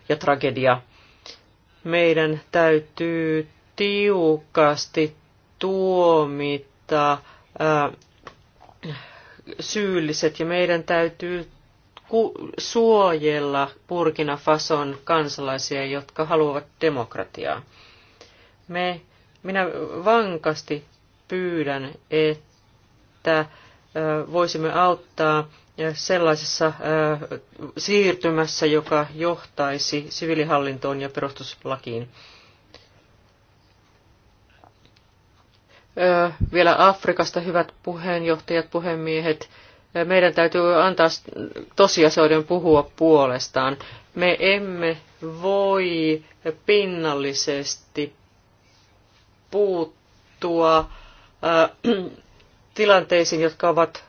ja tragedia. Meidän täytyy tiukasti tuomita ää, äh, syylliset ja meidän täytyy suojella Burkina Fason kansalaisia, jotka haluavat demokratiaa. Me minä vankasti pyydän, että voisimme auttaa sellaisessa siirtymässä, joka johtaisi siviilihallintoon ja perustuslakiin. Vielä Afrikasta hyvät puheenjohtajat, puhemiehet. Meidän täytyy antaa tosiasioiden puhua puolestaan. Me emme voi pinnallisesti puuttua [CLEARS THROAT] tilanteisiin, jotka ovat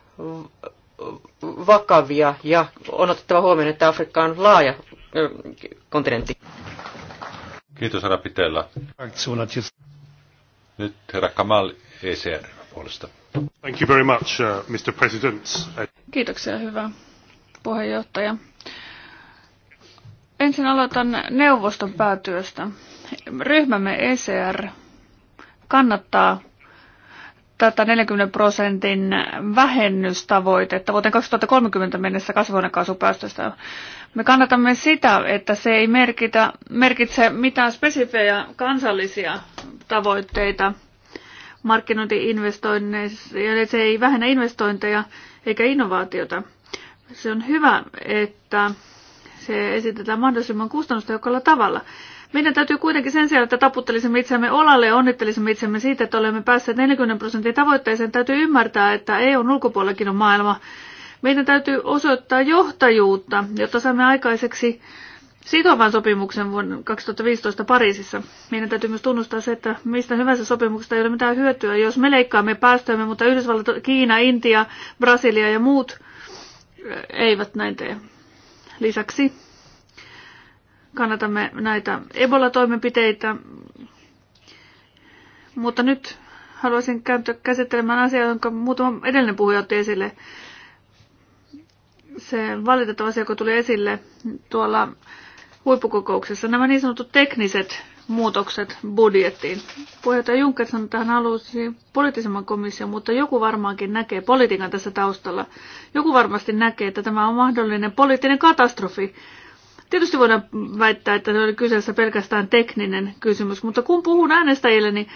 vakavia ja on otettava huomioon, että Afrikka on laaja kontinentti. Kiitos herra Pitellä. Nyt herra Kamal ECR puolesta. Thank you very much, uh, Mr. President. Kiitoksia, hyvä puheenjohtaja. Ensin aloitan neuvoston päätyöstä. Ryhmämme ECR kannattaa tätä 40 prosentin vähennystavoitetta vuoteen 2030 mennessä kasvihuonekaasupäästöistä. Me kannatamme sitä, että se ei merkitä, merkitse mitään spesifejä kansallisia tavoitteita markkinointiinvestoinneissa, ja se ei vähennä investointeja eikä innovaatiota. Se on hyvä, että se esitetään mahdollisimman kustannustehokkaalla tavalla. Meidän täytyy kuitenkin sen sijaan, että taputtelisimme itseämme olalle ja onnittelisimme itseämme siitä, että olemme päässeet 40 prosentin tavoitteeseen, täytyy ymmärtää, että EUn ulkopuolellakin on maailma. Meidän täytyy osoittaa johtajuutta, jotta saamme aikaiseksi sitovan sopimuksen vuonna 2015 Pariisissa. Meidän täytyy myös tunnustaa se, että mistä hyvänsä sopimuksesta ei ole mitään hyötyä, jos me leikkaamme päästöjämme, mutta Yhdysvallat, Kiina, Intia, Brasilia ja muut eivät näin tee. Lisäksi kannatamme näitä Ebola-toimenpiteitä, mutta nyt haluaisin kääntyä käsittelemään asiaa, jonka muutama edellinen puhuja otti esille. Se valitettava asia, joka tuli esille tuolla huippukokouksessa, nämä niin sanotut tekniset muutokset budjettiin. Puheenjohtaja Juncker sanoi, että hän halusi poliittisemman komission, mutta joku varmaankin näkee politiikan tässä taustalla. Joku varmasti näkee, että tämä on mahdollinen poliittinen katastrofi. Tietysti voidaan väittää, että se oli kyseessä pelkästään tekninen kysymys, mutta kun puhun äänestäjille, niin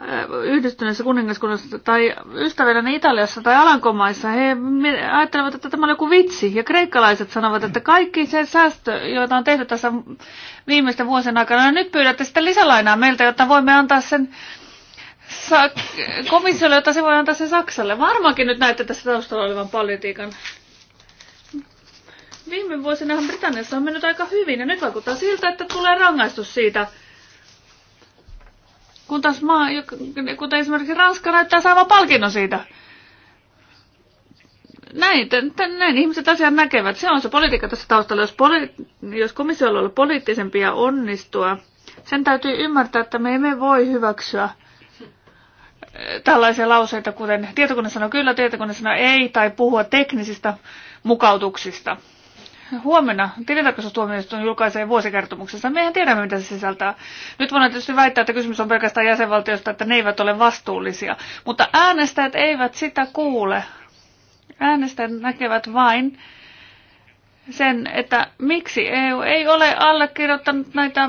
äh, yhdistyneessä kuningaskunnassa tai ystävilläni Italiassa tai Alankomaissa, he ajattelevat, että tämä on joku vitsi. Ja kreikkalaiset sanovat, että kaikki se säästö, joita on tehty tässä viimeisten vuosien aikana, nyt pyydätte sitä lisälainaa meiltä, jotta voimme antaa sen komissiolle, jotta se voi antaa sen Saksalle. Varmaankin nyt näette tässä taustalla olevan politiikan Viime vuosinahan Britanniassa on mennyt aika hyvin ja nyt vaikuttaa siltä, että tulee rangaistus siitä. Kun taas maa, kuten esimerkiksi Ranska näyttää saavan palkinnon siitä. Näin, t- t- näin ihmiset asiaan näkevät. Se on se politiikka tässä taustalla. Jos, poli- jos komissiolla on ollut poliittisempia onnistua, sen täytyy ymmärtää, että me emme voi hyväksyä eh, tällaisia lauseita, kuten tietokone sanoo kyllä, tietokone sanoo ei, tai puhua teknisistä mukautuksista huomenna tilintarkastustuomioistuin julkaisee vuosikertomuksessa. Mehän tiedämme, mitä se sisältää. Nyt voidaan tietysti väittää, että kysymys on pelkästään jäsenvaltiosta, että ne eivät ole vastuullisia. Mutta äänestäjät eivät sitä kuule. Äänestäjät näkevät vain sen, että miksi EU ei ole allekirjoittanut näitä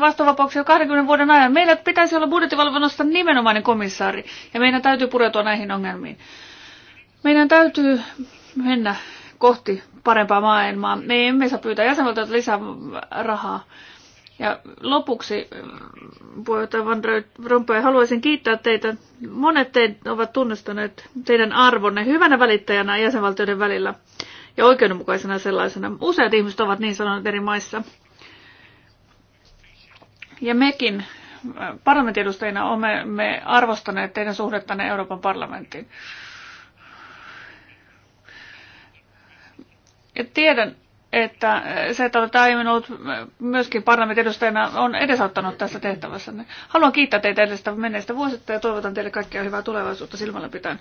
vastuvapauksia 20 vuoden ajan. Meillä pitäisi olla budjettivalvonnasta nimenomainen komissaari, ja meidän täytyy pureutua näihin ongelmiin. Meidän täytyy mennä kohti parempaa maailmaa. Me emme saa pyytää jäsenvaltioita lisää rahaa. Ja lopuksi, mm, puheenjohtaja Van Rompuy, haluaisin kiittää teitä. Monet teidät ovat tunnistaneet teidän arvonne hyvänä välittäjänä jäsenvaltioiden välillä ja oikeudenmukaisena sellaisena. Useat ihmiset ovat niin sanoneet eri maissa. Ja mekin äh, parlamentin edustajina olemme arvostaneet teidän suhdettanne Euroopan parlamenttiin. tiedän, että se, että olet aiemmin ollut myöskin parlamentin edustajana, on edesauttanut tässä tehtävässä. Haluan kiittää teitä edestä menneistä vuosista ja toivotan teille kaikkea hyvää tulevaisuutta silmällä pitäen.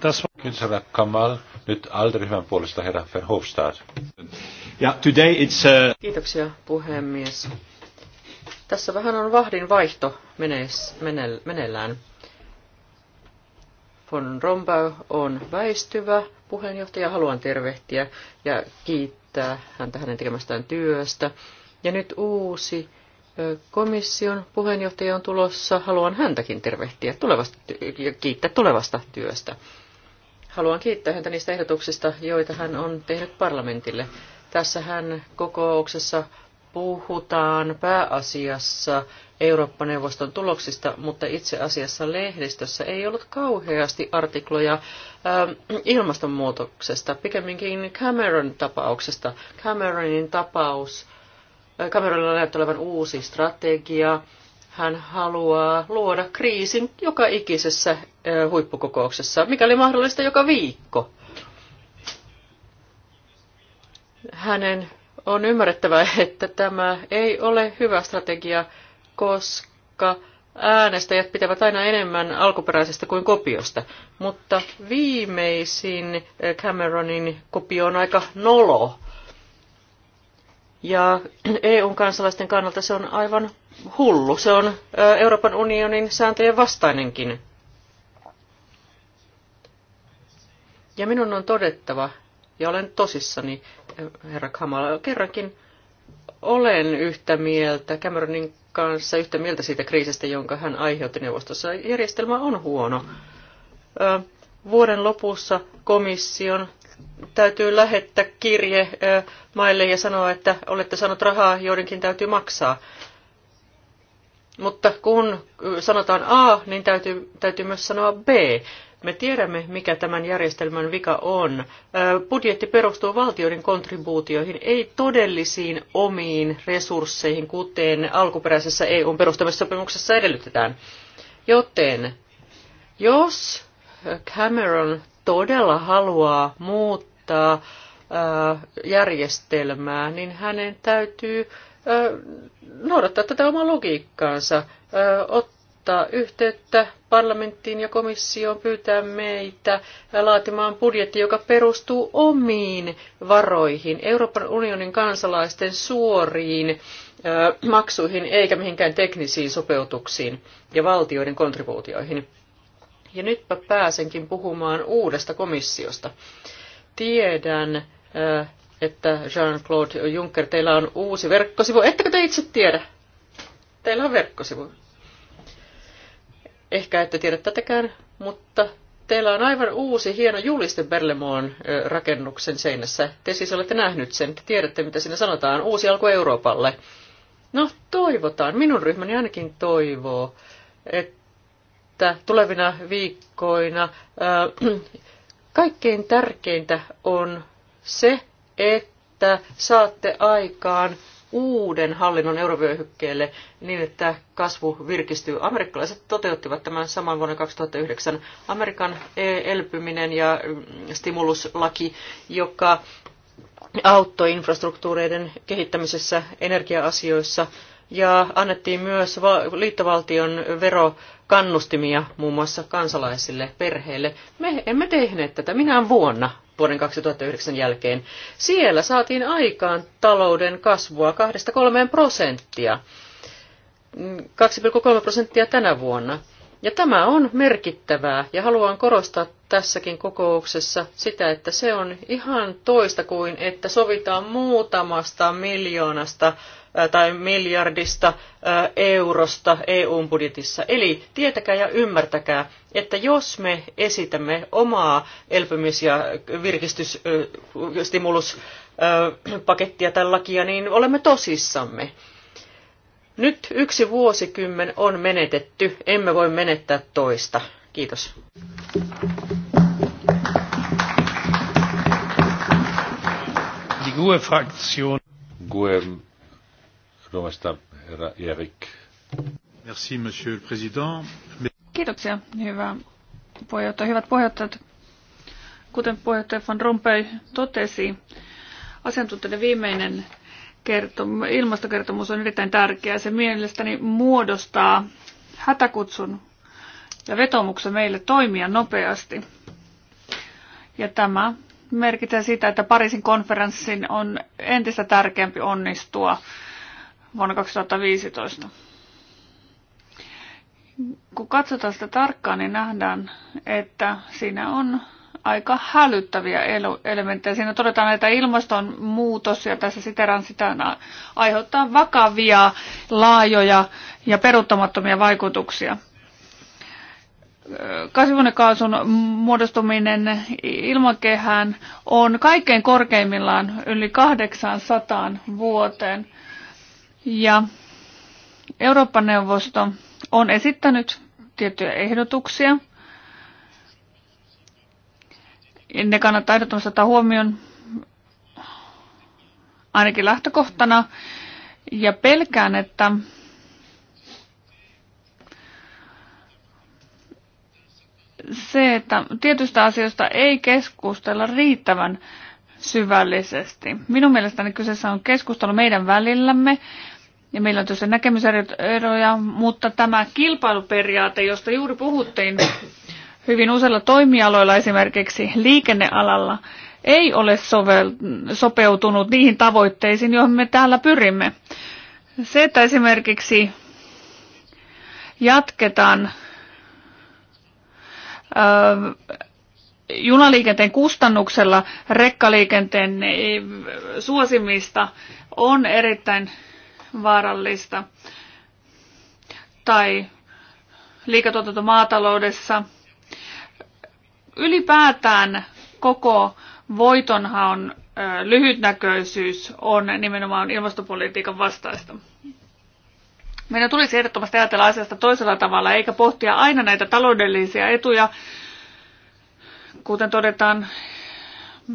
Tässä on Kynsara Kamal, nyt Alderyhmän puolesta herra Verhofstad. Ja today it's a... Uh, Kiitoksia puhemies. Tässä vähän on vahdin vaihto menees, menel, meneillään. Von Rombau on väistyvä, puheenjohtaja. Haluan tervehtiä ja kiittää häntä hänen tekemästään työstä. Ja nyt uusi komission puheenjohtaja on tulossa. Haluan häntäkin tervehtiä tulevasta, ja kiittää tulevasta työstä. Haluan kiittää häntä niistä ehdotuksista, joita hän on tehnyt parlamentille. Tässähän kokouksessa puhutaan pääasiassa Eurooppa-neuvoston tuloksista, mutta itse asiassa lehdistössä ei ollut kauheasti artikloja ähm, ilmastonmuutoksesta, pikemminkin Cameron tapauksesta. Cameronin tapaus, äh, Cameronilla näyttää olevan uusi strategia. Hän haluaa luoda kriisin joka ikisessä äh, huippukokouksessa, mikäli mahdollista joka viikko. Hänen on ymmärrettävä, että tämä ei ole hyvä strategia koska äänestäjät pitävät aina enemmän alkuperäisestä kuin kopiosta. Mutta viimeisin eh, Cameronin kopio on aika nolo. Ja EUn [CLEARS THROAT] e kansalaisten kannalta se on aivan hullu. Se on eh, Euroopan unionin sääntöjen vastainenkin. Ja minun on todettava, ja olen tosissani, eh, herra Kamala, kerrankin olen yhtä mieltä Cameronin kanssa yhtä mieltä siitä kriisistä, jonka hän aiheutti neuvostossa. Järjestelmä on huono. Vuoden lopussa komission täytyy lähettää kirje maille ja sanoa, että olette saanut rahaa, joidenkin täytyy maksaa. Mutta kun sanotaan A, niin täytyy, täytyy myös sanoa B. Me tiedämme, mikä tämän järjestelmän vika on. Budjetti perustuu valtioiden kontribuutioihin, ei todellisiin omiin resursseihin, kuten alkuperäisessä EUn perustamissopimuksessa edellytetään. Joten, jos Cameron todella haluaa muuttaa järjestelmää, niin hänen täytyy noudattaa tätä omaa logiikkaansa, ottaa yhteyttä parlamenttiin ja komissioon pyytää meitä laatimaan budjetti, joka perustuu omiin varoihin, Euroopan unionin kansalaisten suoriin maksuihin eikä mihinkään teknisiin sopeutuksiin ja valtioiden kontribuutioihin. Ja nytpä pääsenkin puhumaan uudesta komissiosta. Tiedän, että Jean-Claude Juncker, teillä on uusi verkkosivu. Ettekö te itse tiedä? Teillä on verkkosivu. Ehkä ette tiedä tätäkään, mutta teillä on aivan uusi hieno juliste Berlemoon rakennuksen seinässä. Te siis olette nähnyt sen, te tiedätte mitä siinä sanotaan, uusi alku Euroopalle. No toivotaan, minun ryhmäni ainakin toivoo, että tulevina viikkoina äh, [CLEARS THROAT] kaikkein tärkeintä on se, että saatte aikaan uuden hallinnon eurovyöhykkeelle niin, että kasvu virkistyy. Amerikkalaiset toteuttivat tämän saman vuonna 2009 Amerikan elpyminen ja mm, stimuluslaki, joka auttoi infrastruktuureiden kehittämisessä, energia-asioissa – ja annettiin myös liittovaltion verokannustimia muun muassa kansalaisille, perheille. Me emme tehneet tätä minä vuonna vuoden 2009 jälkeen. Siellä saatiin aikaan talouden kasvua 2-3 prosenttia. 2,3 prosenttia tänä vuonna. Ja tämä on merkittävää ja haluan korostaa tässäkin kokouksessa sitä, että se on ihan toista kuin, että sovitaan muutamasta miljoonasta tai miljardista eurosta EUn budjetissa. Eli tietäkää ja ymmärtäkää, että jos me esitämme omaa elpymis- ja virkistysstimuluspakettia tai lakia, niin olemme tosissamme. Nyt yksi vuosikymmen on menetetty, emme voi menettää toista. Kiitos. Die GUE-Fraktion. GUE, -fraktion. GUE Kiitoksia, hyvä puheenjohtaja. Hyvät puheenjohtajat, kuten puheenjohtaja Van Rompuy totesi, asiantuntijoiden viimeinen kertomus, ilmastokertomus on erittäin tärkeä. Se mielestäni muodostaa hätäkutsun ja vetomuksen meille toimia nopeasti. Ja tämä merkitsee sitä, että Pariisin konferenssin on entistä tärkeämpi onnistua vuonna 2015. Kun katsotaan sitä tarkkaan, niin nähdään, että siinä on aika hälyttäviä elementtejä. Siinä todetaan, että ilmastonmuutos, ja tässä siteran sitä, aiheuttaa vakavia, laajoja ja peruuttamattomia vaikutuksia. Kasvihuonekaasun muodostuminen ilmakehään on kaikkein korkeimmillaan yli 800 vuoteen. Ja Eurooppa-neuvosto on esittänyt tiettyjä ehdotuksia. Ne kannattaa ehdottomasti ottaa huomioon ainakin lähtökohtana. Ja pelkään, että se, että tietystä asioista ei keskustella riittävän syvällisesti. Minun mielestäni kyseessä on keskustelu meidän välillämme ja meillä on tuossa näkemyseroja, mutta tämä kilpailuperiaate, josta juuri puhuttiin hyvin useilla toimialoilla, esimerkiksi liikennealalla, ei ole sovel- sopeutunut niihin tavoitteisiin, joihin me täällä pyrimme. Se, että esimerkiksi jatketaan öö, junaliikenteen kustannuksella rekkaliikenteen e, suosimista, on erittäin vaarallista. Tai liikatuotanto maataloudessa. Ylipäätään koko voitonhaon lyhytnäköisyys on nimenomaan ilmastopolitiikan vastaista. Meidän tulisi ehdottomasti ajatella asiasta toisella tavalla, eikä pohtia aina näitä taloudellisia etuja, kuten todetaan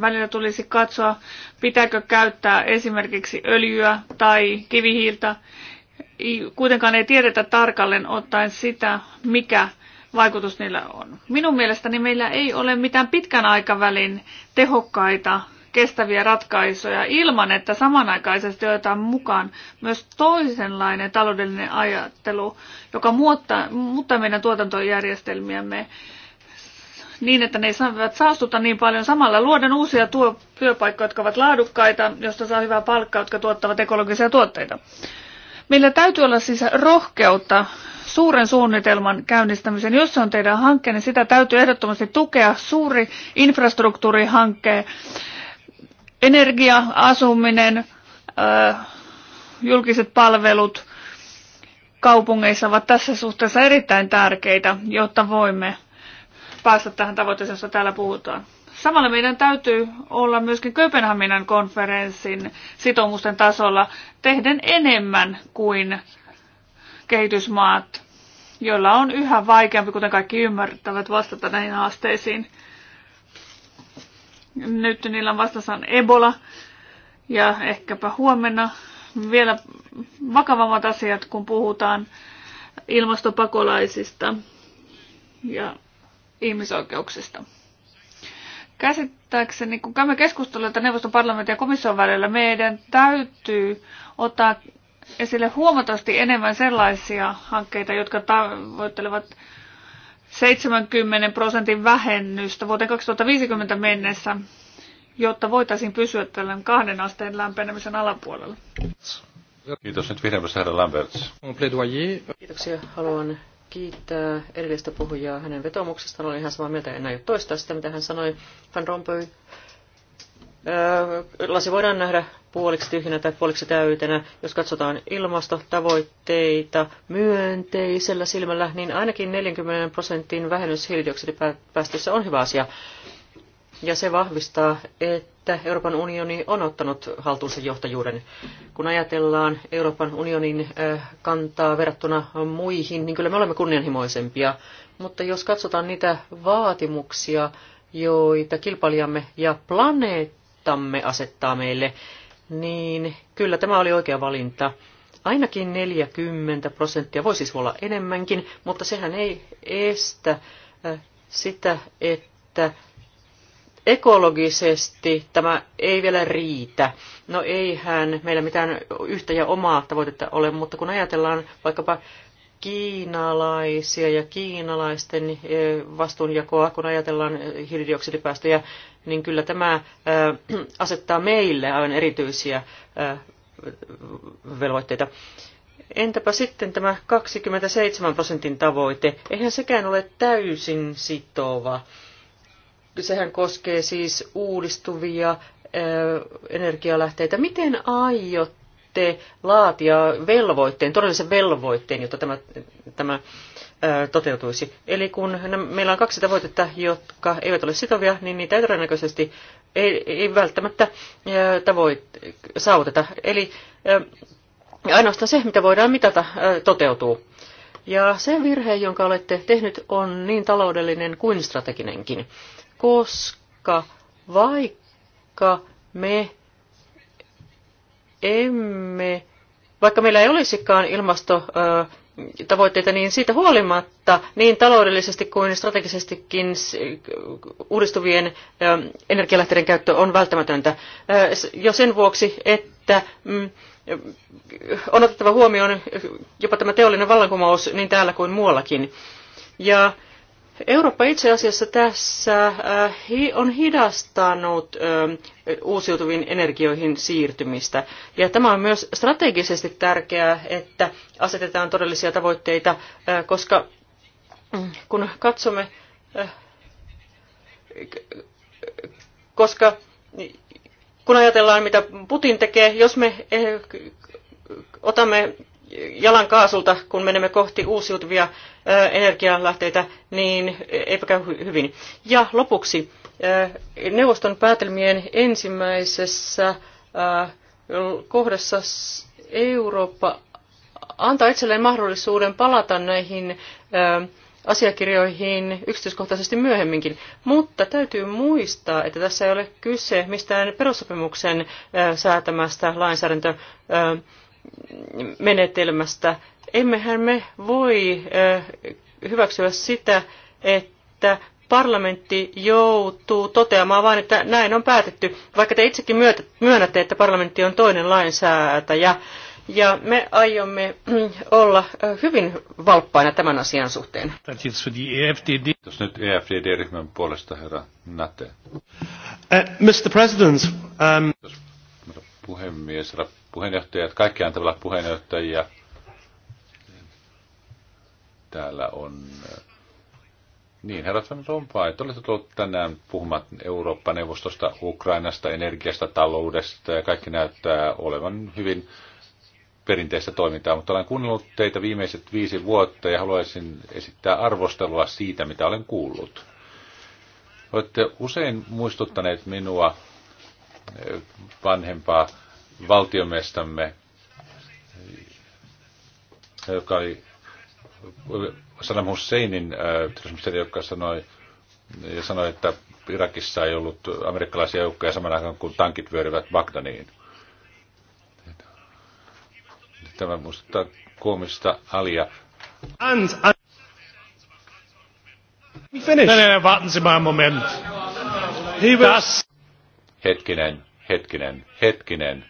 Välillä tulisi katsoa, pitääkö käyttää esimerkiksi öljyä tai kivihiiltä. Kuitenkaan ei tiedetä tarkalleen ottaen sitä, mikä vaikutus niillä on. Minun mielestäni meillä ei ole mitään pitkän aikavälin tehokkaita kestäviä ratkaisuja ilman, että samanaikaisesti otetaan mukaan myös toisenlainen taloudellinen ajattelu, joka muuttaa, muuttaa meidän tuotantojärjestelmiämme niin, että ne saavat saastuta niin paljon. Samalla luoden uusia tuo työpaikkoja, jotka ovat laadukkaita, josta saa hyvää palkkaa, jotka tuottavat ekologisia tuotteita. Meillä täytyy olla siis rohkeutta suuren suunnitelman käynnistämisen. Jos se on teidän hankkeen, niin sitä täytyy ehdottomasti tukea. Suuri infrastruktuurihanke, energia, asuminen, julkiset palvelut kaupungeissa ovat tässä suhteessa erittäin tärkeitä, jotta voimme päästä tähän tavoitteeseen, josta täällä puhutaan. Samalla meidän täytyy olla myöskin Kööpenhaminan konferenssin sitoumusten tasolla tehden enemmän kuin kehitysmaat, joilla on yhä vaikeampi, kuten kaikki ymmärtävät, vastata näihin haasteisiin. Nyt niillä on vastassaan Ebola ja ehkäpä huomenna vielä vakavammat asiat, kun puhutaan ilmastopakolaisista ja ihmisoikeuksista. Käsittääkseni, kun käymme että neuvoston parlamentin ja komission välillä, meidän täytyy ottaa esille huomattavasti enemmän sellaisia hankkeita, jotka tavoittelevat 70 prosentin vähennystä vuoteen 2050 mennessä, jotta voitaisiin pysyä tällä kahden asteen lämpenemisen alapuolella. Kiitos nyt vihreä herra Lamberts. Kiitoksia. Haluan kiittää edellistä puhujaa hänen vetomuksestaan. Olen ihan samaa mieltä, en aio toistaa sitä, mitä hän sanoi. Van Rompuy, lasi voidaan nähdä puoliksi tyhjänä tai puoliksi täytenä. Jos katsotaan ilmastotavoitteita myönteisellä silmällä, niin ainakin 40 prosentin vähennys hiilidioksidipäästöissä on hyvä asia. Ja se vahvistaa, että että Euroopan unioni on ottanut haltuunsa johtajuuden. Kun ajatellaan Euroopan unionin kantaa verrattuna muihin, niin kyllä me olemme kunnianhimoisempia. Mutta jos katsotaan niitä vaatimuksia, joita kilpailijamme ja planeettamme asettaa meille, niin kyllä tämä oli oikea valinta. Ainakin 40 prosenttia, voi siis olla enemmänkin, mutta sehän ei estä sitä, että ekologisesti tämä ei vielä riitä. No eihän meillä mitään yhtä ja omaa tavoitetta ole, mutta kun ajatellaan vaikkapa kiinalaisia ja kiinalaisten eh, vastuunjakoa, kun ajatellaan eh, hiilidioksidipäästöjä, niin kyllä tämä eh, [CLEARS THROAT] asettaa meille aivan erityisiä velvoitteita. Entäpä sitten tämä 27 prosentin tavoite? Eihän sekään ole täysin sitova sehän koskee siis uudistuvia energialähteitä. Miten aiotte laatia velvoitteen, todellisen velvoitteen, jotta tämä, tämä toteutuisi. Eli kun meillä on kaksi tavoitetta, jotka eivät ole sitovia, niin niitä ei todennäköisesti ei, ei välttämättä tavoit, saavuteta. Eli ainoastaan se, mitä voidaan mitata, toteutuu. Ja se virhe, jonka olette tehnyt, on niin taloudellinen kuin strateginenkin koska vaikka me emme, vaikka meillä ei olisikaan ilmasto tavoitteita, niin siitä huolimatta niin taloudellisesti kuin strategisestikin uudistuvien energialähteiden käyttö on välttämätöntä. Jo sen vuoksi, että mm, on otettava huomioon jopa tämä teollinen vallankumous niin täällä kuin muuallakin. Ja Eurooppa itse asiassa tässä äh, on hidastanut ähm, uusiutuviin energioihin siirtymistä. Ja tämä on myös strategisesti tärkeää, että asetetaan todellisia tavoitteita, äh, koska kun katsomme, äh, koska kun ajatellaan, mitä Putin tekee, jos me eh, otamme jalankaasulta, kun menemme kohti uusiutuvia energialähteitä, niin eipä käy hyvin. Ja lopuksi neuvoston päätelmien ensimmäisessä kohdassa Eurooppa antaa itselleen mahdollisuuden palata näihin asiakirjoihin yksityiskohtaisesti myöhemminkin, mutta täytyy muistaa, että tässä ei ole kyse mistään perussopimuksen säätämästä lainsäädäntö menetelmästä. Emmehän me voi hyväksyä sitä, että parlamentti joutuu toteamaan vain, että näin on päätetty, vaikka te itsekin myönnätte, että parlamentti on toinen lainsäätäjä. Ja me aiomme mm, olla hyvin valppaina tämän asian suhteen. E Kiitos nyt EFDD-ryhmän puolesta, herra Nate. Uh, Mr. President, um puhemies, puheenjohtajat, kaikki antavalla puheenjohtajia. Täällä on... Niin, herrat Van rompaa, että olette tullut tänään puhumaan Eurooppa-neuvostosta, Ukrainasta, energiasta, taloudesta ja kaikki näyttää olevan hyvin perinteistä toimintaa, mutta olen kuunnellut teitä viimeiset viisi vuotta ja haluaisin esittää arvostelua siitä, mitä olen kuullut. Olette usein muistuttaneet minua vanhempaa valtiomestamme, joka oli Saddam Husseinin äh, terveysministeri, joka sanoi, ja sanoi, että Irakissa ei ollut amerikkalaisia joukkoja saman aikaan, kun tankit vyöryvät Bagdaniin. Tämä muistuttaa koomista alia. And, and Finish. Nein, nein, warten Sie mal einen Moment. Das hetkinen, hetkinen, hetkinen.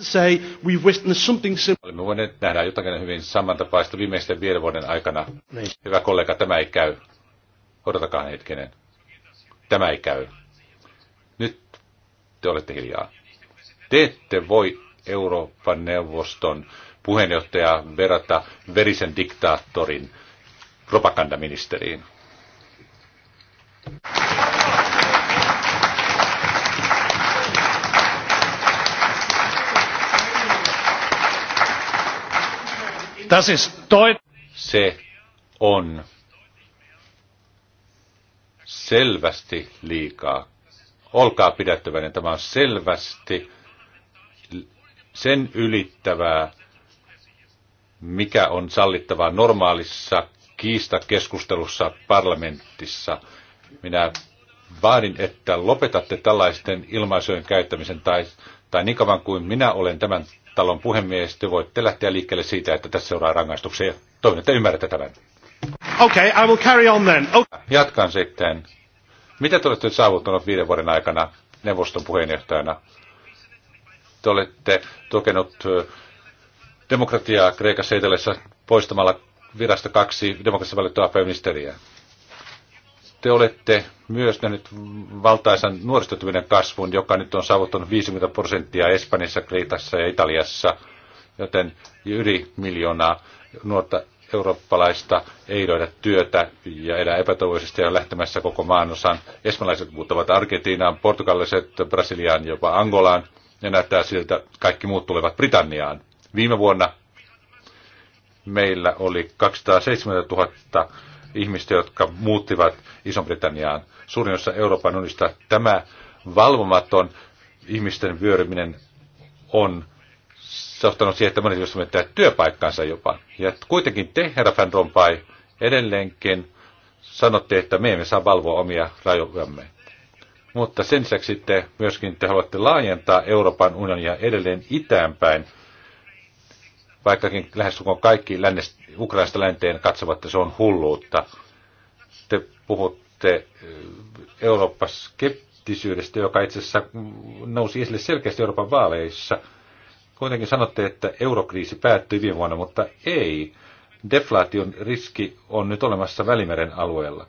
Say, we've witnessed something similar. Olemme voineet nähdä jotakin hyvin samantapaista viimeisten viiden vuoden aikana. Hyvä kollega, tämä ei käy. Odotakaa hetkinen. Tämä ei käy. Nyt te olette hiljaa. Te ette voi Euroopan neuvoston puheenjohtajaa verrata verisen diktaattorin propagandaministeriin. Das ist Se on selvästi liikaa. Olkaa pidättäväinen, tämä on selvästi sen ylittävää, mikä on sallittavaa normaalissa kiistakeskustelussa parlamentissa. Minä vaadin, että lopetatte tällaisten ilmaisujen käyttämisen tai, tai niin kauan kuin minä olen tämän talon puhemies, te voitte lähteä liikkeelle siitä, että tässä seuraa rangaistuksia. Toivon, että ymmärrätte tämän. Okay, I will carry on then. Okay. Jatkan sitten. Mitä te olette saavuttanut viiden vuoden aikana neuvoston puheenjohtajana? Te olette tukenut demokratiaa Kreikassa etelässä poistamalla virasta kaksi demokratiassa valittua pääministeriä te olette myös nähnyt valtaisan nuorisotyöttömyyden kasvun, joka nyt on saavuttanut 50 prosenttia Espanjassa, Kreikassa ja Italiassa, joten yli miljoonaa nuorta eurooppalaista ei löydä työtä ja elää epätoivoisesti ja on lähtemässä koko maanosan. Espanjalaiset muuttavat Argentiinaan, portugalaiset Brasiliaan, jopa Angolaan ja näyttää siltä kaikki muut tulevat Britanniaan. Viime vuonna meillä oli 270 000 ihmistä, jotka muuttivat Iso-Britanniaan. Suurin osa Euroopan unista tämä valvomaton ihmisten vyöryminen on johtanut siihen, että monet ihmiset menettävät työpaikkansa jopa. Ja kuitenkin te, herra Van Rompuy, edelleenkin sanotte, että me emme saa valvoa omia rajojamme. Mutta sen lisäksi te myöskin te haluatte laajentaa Euroopan unionia edelleen itäänpäin vaikkakin lähestulkoon kaikki lännestä, Ukrainasta länteen katsovat, että se on hulluutta. Te puhutte eh, skeptisyydestä, joka itse asiassa nousi esille selkeästi Euroopan vaaleissa. Kuitenkin sanotte, että eurokriisi päättyi viime vuonna, mutta ei. Deflaation riski on nyt olemassa Välimeren alueella.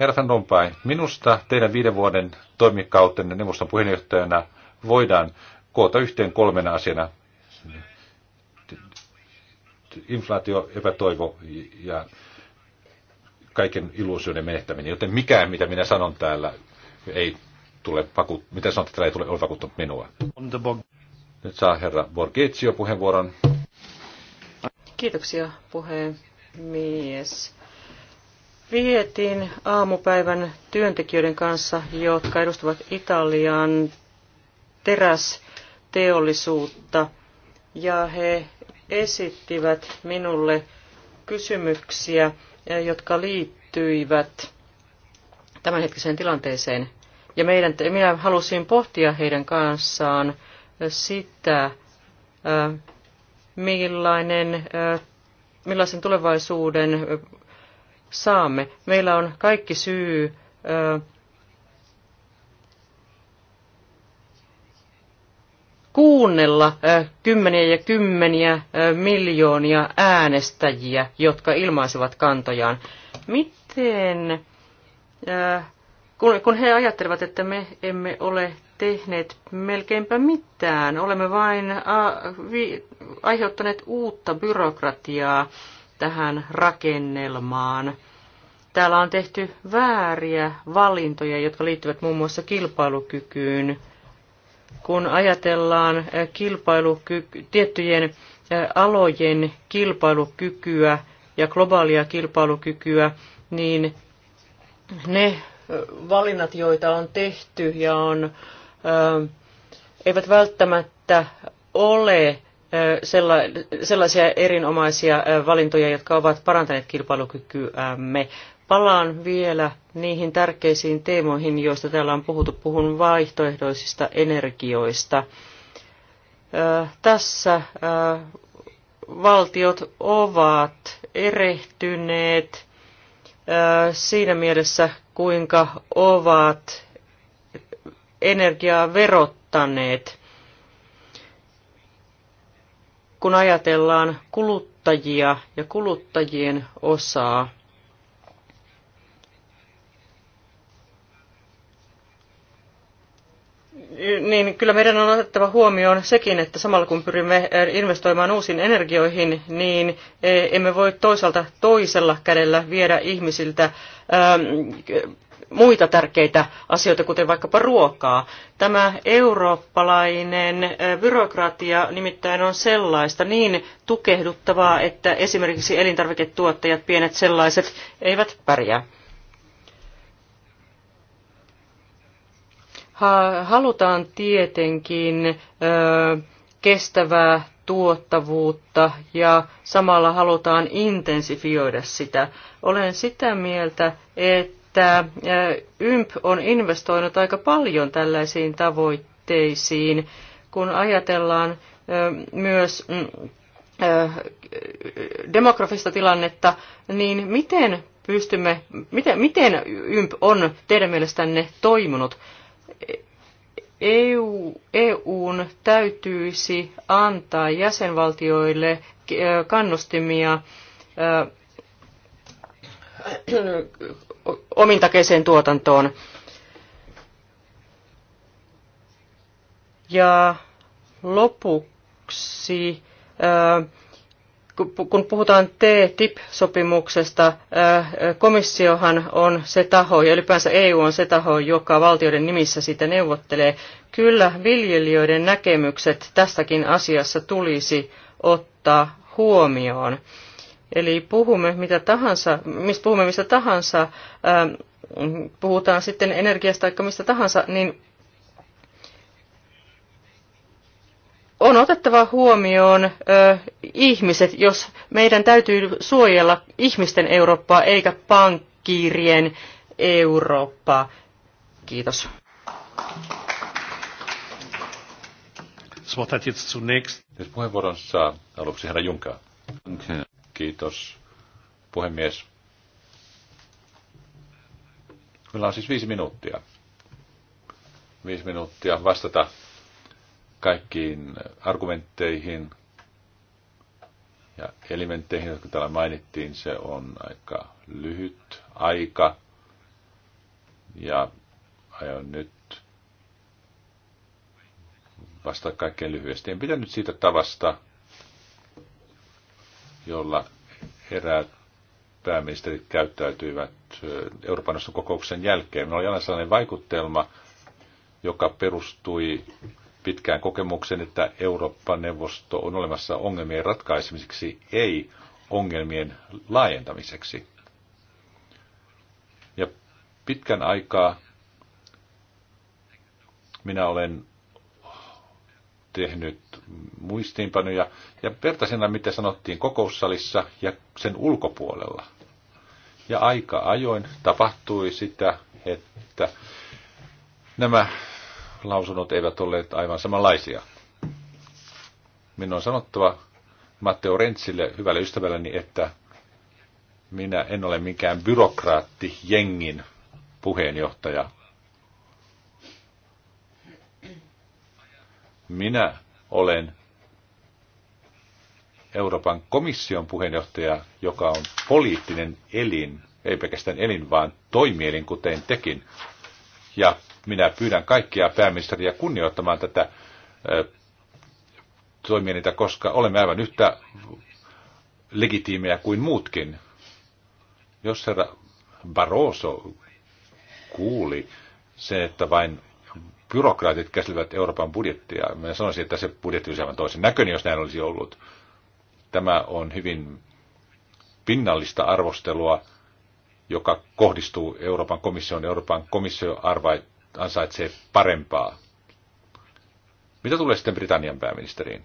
Herra Van Rompuy, minusta teidän viiden vuoden toimikautenne neuvoston puheenjohtajana voidaan koota yhteen kolmena asiana inflaatio, epätoivo ja kaiken illuusioiden menettäminen. Joten mikään, mitä minä sanon täällä, ei tule vakuut... Mitä sanotte, täällä ei tule ole vakuuttanut minua. Nyt saa herra Borgetsio puheenvuoron. Kiitoksia puhemies. Vietin aamupäivän työntekijöiden kanssa, jotka edustavat Italian terästeollisuutta, ja he esittivät minulle kysymyksiä, eh, jotka liittyivät tämänhetkiseen tilanteeseen. Ja meidän, minä halusin pohtia heidän kanssaan eh, sitä, eh, millainen, millaisen tulevaisuuden saamme. Meillä on kaikki syy kuunnella kymmeniä ja kymmeniä miljoonia äänestäjiä, jotka ilmaisivat kantojaan. Miten, kun he ajattelevat, että me emme ole tehneet melkeinpä mitään, olemme vain aiheuttaneet uutta byrokratiaa tähän rakennelmaan. Täällä on tehty vääriä valintoja, jotka liittyvät muun muassa kilpailukykyyn kun ajatellaan kilpailukyky, tiettyjen alojen kilpailukykyä ja globaalia kilpailukykyä, niin ne valinnat, joita on tehty ja on, eivät välttämättä ole sellaisia erinomaisia valintoja, jotka ovat parantaneet kilpailukykyämme, Palaan vielä niihin tärkeisiin teemoihin, joista täällä on puhuttu. Puhun vaihtoehdoisista energioista. tässä valtiot ovat erehtyneet siinä mielessä, kuinka ovat energiaa verottaneet. Kun ajatellaan kuluttajia ja kuluttajien osaa, niin kyllä meidän on otettava huomioon sekin, että samalla kun pyrimme eh, investoimaan uusiin energioihin, niin eh, emme voi toisaalta toisella kädellä viedä ihmisiltä ehm, muita tärkeitä asioita, kuten vaikkapa ruokaa. Tämä eurooppalainen eh, byrokratia nimittäin on sellaista niin tukehduttavaa, että esimerkiksi elintarviketuottajat, pienet sellaiset, eivät pärjää. halutaan tietenkin kestävää tuottavuutta ja samalla halutaan intensifioida sitä. Olen sitä mieltä, että YMP on investoinut aika paljon tällaisiin tavoitteisiin, kun ajatellaan myös mm, demografista tilannetta, niin miten pystymme, miten, miten YMP on teidän mielestänne toiminut EU, EUn täytyisi antaa jäsenvaltioille eh, kannustimia eh, omintakeiseen tuotantoon. Ja lopuksi eh, kun puhutaan TTIP-sopimuksesta, äh, äh, komissiohan on se taho, ja ylipäänsä EU on se taho, joka valtioiden nimissä sitä neuvottelee. Kyllä viljelijöiden näkemykset tässäkin asiassa tulisi ottaa huomioon. Eli puhumme mitä tahansa, mistä puhumme mistä tahansa, ähm, puhutaan sitten energiasta tai mistä tahansa, niin on otettava huomioon ö, ihmiset, jos meidän täytyy suojella ihmisten Eurooppaa eikä pankkiirien Eurooppaa. Kiitos. Nyt puheenvuoron saa aluksi herra Junka. Kiitos, puhemies. Meillä on siis viisi minuuttia. Viisi minuuttia vastata kaikkiin argumentteihin ja elementteihin, jotka täällä mainittiin. Se on aika lyhyt aika. Ja aion nyt vastata kaikkein lyhyesti. En pitänyt siitä tavasta, jolla eräät pääministerit käyttäytyivät Euroopan kokouksen jälkeen. Minulla oli aina sellainen vaikutelma, joka perustui pitkään kokemuksen, että Euroopan neuvosto on olemassa ongelmien ratkaisemiseksi, ei ongelmien laajentamiseksi. Ja pitkän aikaa minä olen tehnyt muistiinpanoja ja vertaisena, mitä sanottiin kokoussalissa ja sen ulkopuolella. Ja aika ajoin tapahtui sitä, että nämä lausunnot eivät olleet aivan samanlaisia. Minun on sanottava Matteo Rentsille, hyvälle ystävälleni, että minä en ole mikään byrokraatti jengin puheenjohtaja. Minä olen Euroopan komission puheenjohtaja, joka on poliittinen elin, ei pelkästään elin, vaan toimielin, kuten tekin. Ja minä pyydän kaikkia pääministeriä kunnioittamaan tätä toimielintä, koska olemme aivan yhtä legitiimejä kuin muutkin. Jos herra Barroso kuuli se, että vain byrokraatit käsivät Euroopan budjettia. minä sanoisin, että se budjetti olisi aivan toisen näköinen, jos näin olisi ollut. Tämä on hyvin pinnallista arvostelua, joka kohdistuu Euroopan komission. Euroopan komissio ansaitsee parempaa. Mitä tulee sitten Britannian pääministeriin?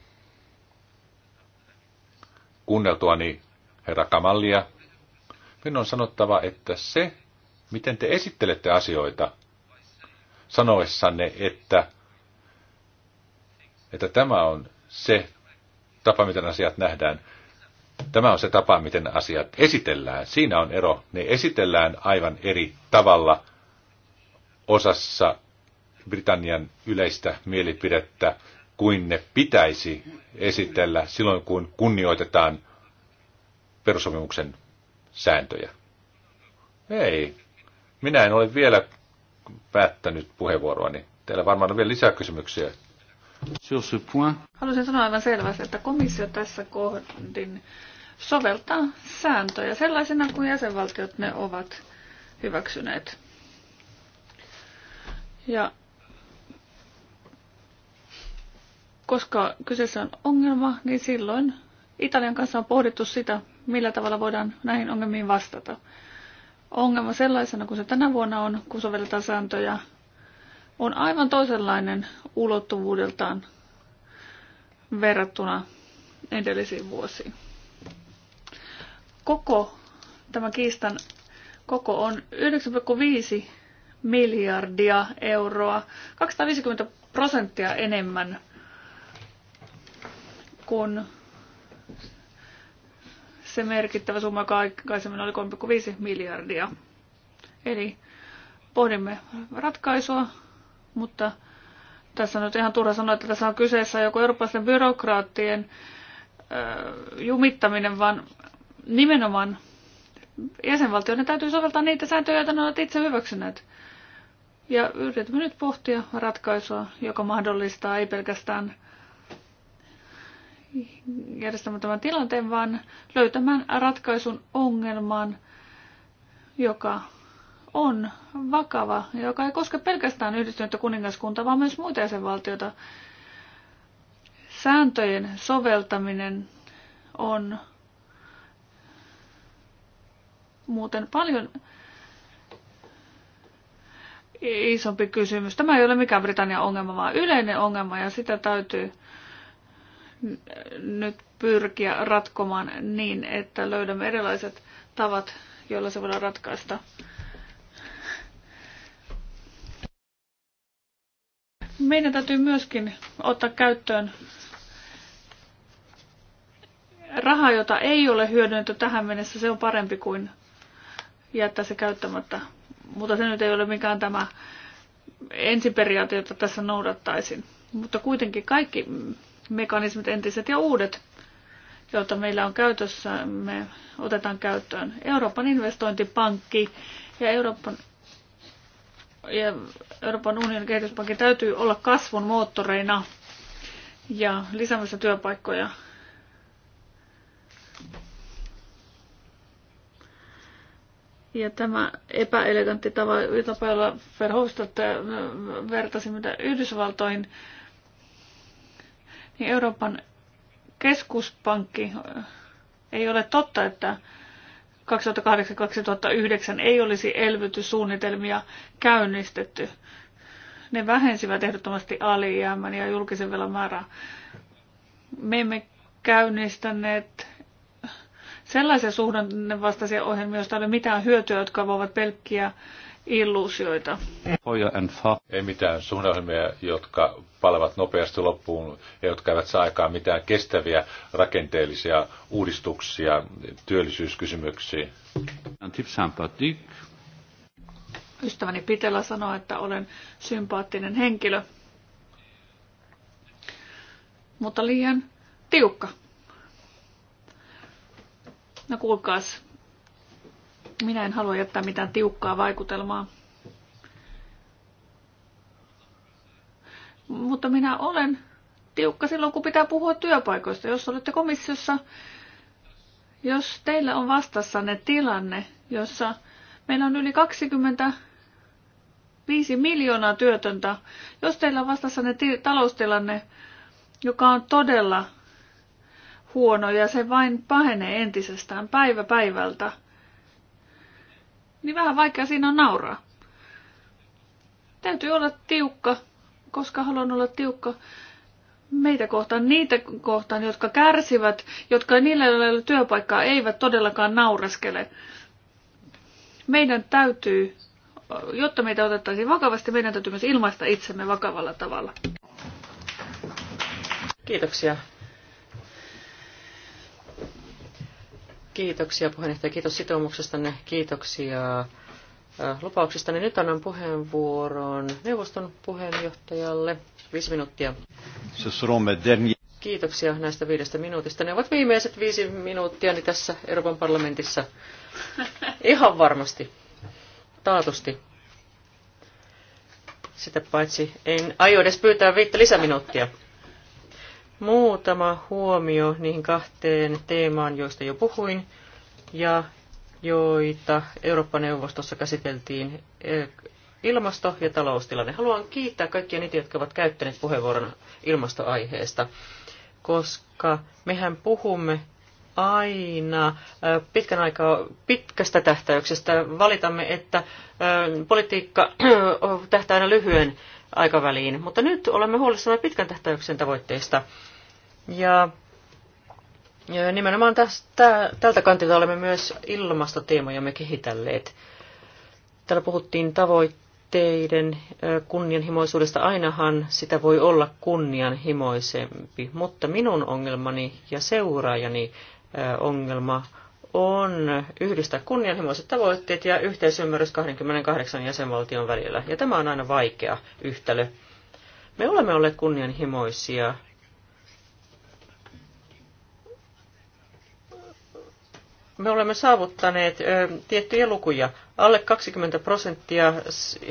Kuunneltuani herra Kamallia, minun on sanottava, että se, miten te esittelette asioita, sanoessanne, että, että tämä on se tapa, miten asiat nähdään. Tämä on se tapa, miten asiat esitellään. Siinä on ero. Ne esitellään aivan eri tavalla osassa Britannian yleistä mielipidettä kuin ne pitäisi esitellä silloin, kun kunnioitetaan perussopimuksen sääntöjä. Ei. Minä en ole vielä päättänyt puheenvuoroani. Teillä varmaan on vielä lisää kysymyksiä. Haluaisin sanoa aivan selvästi, että komissio tässä kohdin soveltaa sääntöjä sellaisena kuin jäsenvaltiot ne ovat hyväksyneet. Ja koska kyseessä on ongelma, niin silloin Italian kanssa on pohdittu sitä, millä tavalla voidaan näihin ongelmiin vastata. Ongelma sellaisena kuin se tänä vuonna on, kun sovelletaan sääntöjä, on aivan toisenlainen ulottuvuudeltaan verrattuna edellisiin vuosiin. Koko, tämä kiistan koko on 9,5 miljardia euroa, 250 prosenttia enemmän kuin se merkittävä summa, joka aikaisemmin oli 3,5 miljardia. Eli pohdimme ratkaisua, mutta tässä on nyt ihan turha sanoa, että tässä on kyseessä joku eurooppalaisten byrokraattien jumittaminen, vaan nimenomaan jäsenvaltioiden täytyy soveltaa niitä sääntöjä, joita ne ovat itse hyväksyneet. Ja yritämme nyt pohtia ratkaisua, joka mahdollistaa ei pelkästään järjestämään tämän tilanteen, vaan löytämään ratkaisun ongelmaan, joka on vakava, joka ei koske pelkästään yhdistynyttä kuningaskuntaa, vaan myös muita jäsenvaltioita. Sääntöjen soveltaminen on muuten paljon isompi kysymys. Tämä ei ole mikään Britannian ongelma, vaan yleinen ongelma ja sitä täytyy nyt pyrkiä ratkomaan niin, että löydämme erilaiset tavat, joilla se voidaan ratkaista. Meidän täytyy myöskin ottaa käyttöön raha, jota ei ole hyödynnetty tähän mennessä, se on parempi kuin jättää se käyttämättä mutta se nyt ei ole mikään tämä ensiperiaate, jota tässä noudattaisin. Mutta kuitenkin kaikki mekanismit, entiset ja uudet, joita meillä on käytössä, me otetaan käyttöön. Euroopan investointipankki ja Euroopan, ja Euroopan unionin kehityspankki täytyy olla kasvun moottoreina ja lisäämässä työpaikkoja Ja tämä epäelegantti tapa, jolla Verhofstadt äh, vertasi mitä Yhdysvaltoihin, niin Euroopan keskuspankki äh, ei ole totta, että 2008-2009 ei olisi elvytyssuunnitelmia käynnistetty. Ne vähensivät ehdottomasti alijäämän ja julkisen velan määrää. Me emme käynnistäneet sellaisia suhdannevastaisia ohjelmia, joista ei ole mitään hyötyä, jotka voivat pelkkiä illuusioita. Ei mitään suhdannevastaisia, jotka palavat nopeasti loppuun ja jotka eivät saa aikaan mitään kestäviä rakenteellisia uudistuksia työllisyyskysymyksiin. Ystäväni Pitela sanoi, että olen sympaattinen henkilö, mutta liian tiukka. No kuulkaas, minä en halua jättää mitään tiukkaa vaikutelmaa. Mutta minä olen tiukka silloin, kun pitää puhua työpaikoista. Jos olette komissiossa, jos teillä on vastassanne tilanne, jossa meillä on yli 25 miljoonaa työtöntä, jos teillä on vastassanne ti- taloustilanne, joka on todella huono ja se vain pahenee entisestään päivä päivältä, niin vähän vaikea siinä on nauraa. Täytyy olla tiukka, koska haluan olla tiukka meitä kohtaan, niitä kohtaan, jotka kärsivät, jotka niillä, joilla ei ole työpaikkaa, eivät todellakaan naureskele. Meidän täytyy, jotta meitä otettaisiin vakavasti, meidän täytyy myös ilmaista itsemme vakavalla tavalla. Kiitoksia Kiitoksia puheenjohtaja, kiitos sitoumuksestanne, kiitoksia lupauksistanne. Nyt annan puheenvuoron neuvoston puheenjohtajalle. Viisi minuuttia. Kiitoksia näistä viidestä minuutista. Ne ovat viimeiset viisi minuuttia niin tässä Euroopan parlamentissa. Ihan varmasti. Taatusti. Sitä paitsi en aio edes pyytää viittä lisäminuuttia. Muutama huomio niihin kahteen teemaan, joista jo puhuin, ja joita Eurooppa-neuvostossa käsiteltiin eh, ilmasto- ja taloustilanne. Haluan kiittää kaikkia niitä, jotka ovat käyttäneet puheenvuoron ilmastoaiheesta, koska mehän puhumme aina eh, pitkän aikaa pitkästä tähtäyksestä. Valitamme, että eh, politiikka [CLEARS THROAT] tähtää aina lyhyen aikaväliin, mutta nyt olemme huolissamme pitkän tähtäyksen tavoitteista. Ja nimenomaan tästä, tältä kantilta olemme myös ilmastoteemojamme kehitelleet. Täällä puhuttiin tavoitteiden kunnianhimoisuudesta. Ainahan sitä voi olla kunnianhimoisempi, mutta minun ongelmani ja seuraajani ongelma on yhdistää kunnianhimoiset tavoitteet ja yhteisymmärrys 28 jäsenvaltion välillä. Ja tämä on aina vaikea yhtälö. Me olemme olleet kunnianhimoisia me olemme saavuttaneet tiettyjä lukuja. Alle 20 prosenttia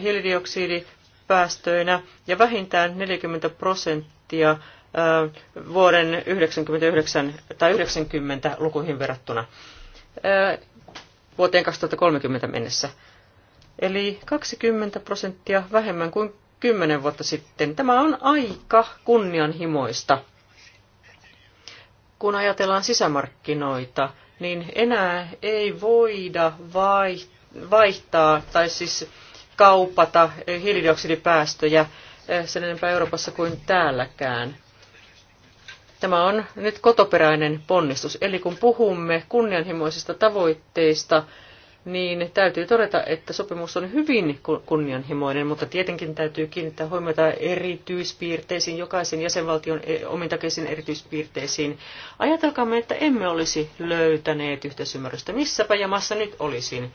hiilidioksidipäästöinä ja vähintään 40 prosenttia vuoden 99 tai 90 lukuihin verrattuna vuoteen 2030 mennessä. Eli 20 prosenttia vähemmän kuin 10 vuotta sitten. Tämä on aika kunnianhimoista. Kun ajatellaan sisämarkkinoita, niin enää ei voida vaihtaa tai siis kaupata hiilidioksidipäästöjä eh, sen enempää Euroopassa kuin täälläkään. Tämä on nyt kotoperäinen ponnistus. Eli kun puhumme kunnianhimoisista tavoitteista, niin täytyy todeta, että sopimus on hyvin kunnianhimoinen, mutta tietenkin täytyy kiinnittää huomiota erityispiirteisiin, jokaisen jäsenvaltion e- omintakeisiin erityispiirteisiin. Ajatelkaamme, että emme olisi löytäneet yhteisymmärrystä. Missäpä jamassa nyt olisin?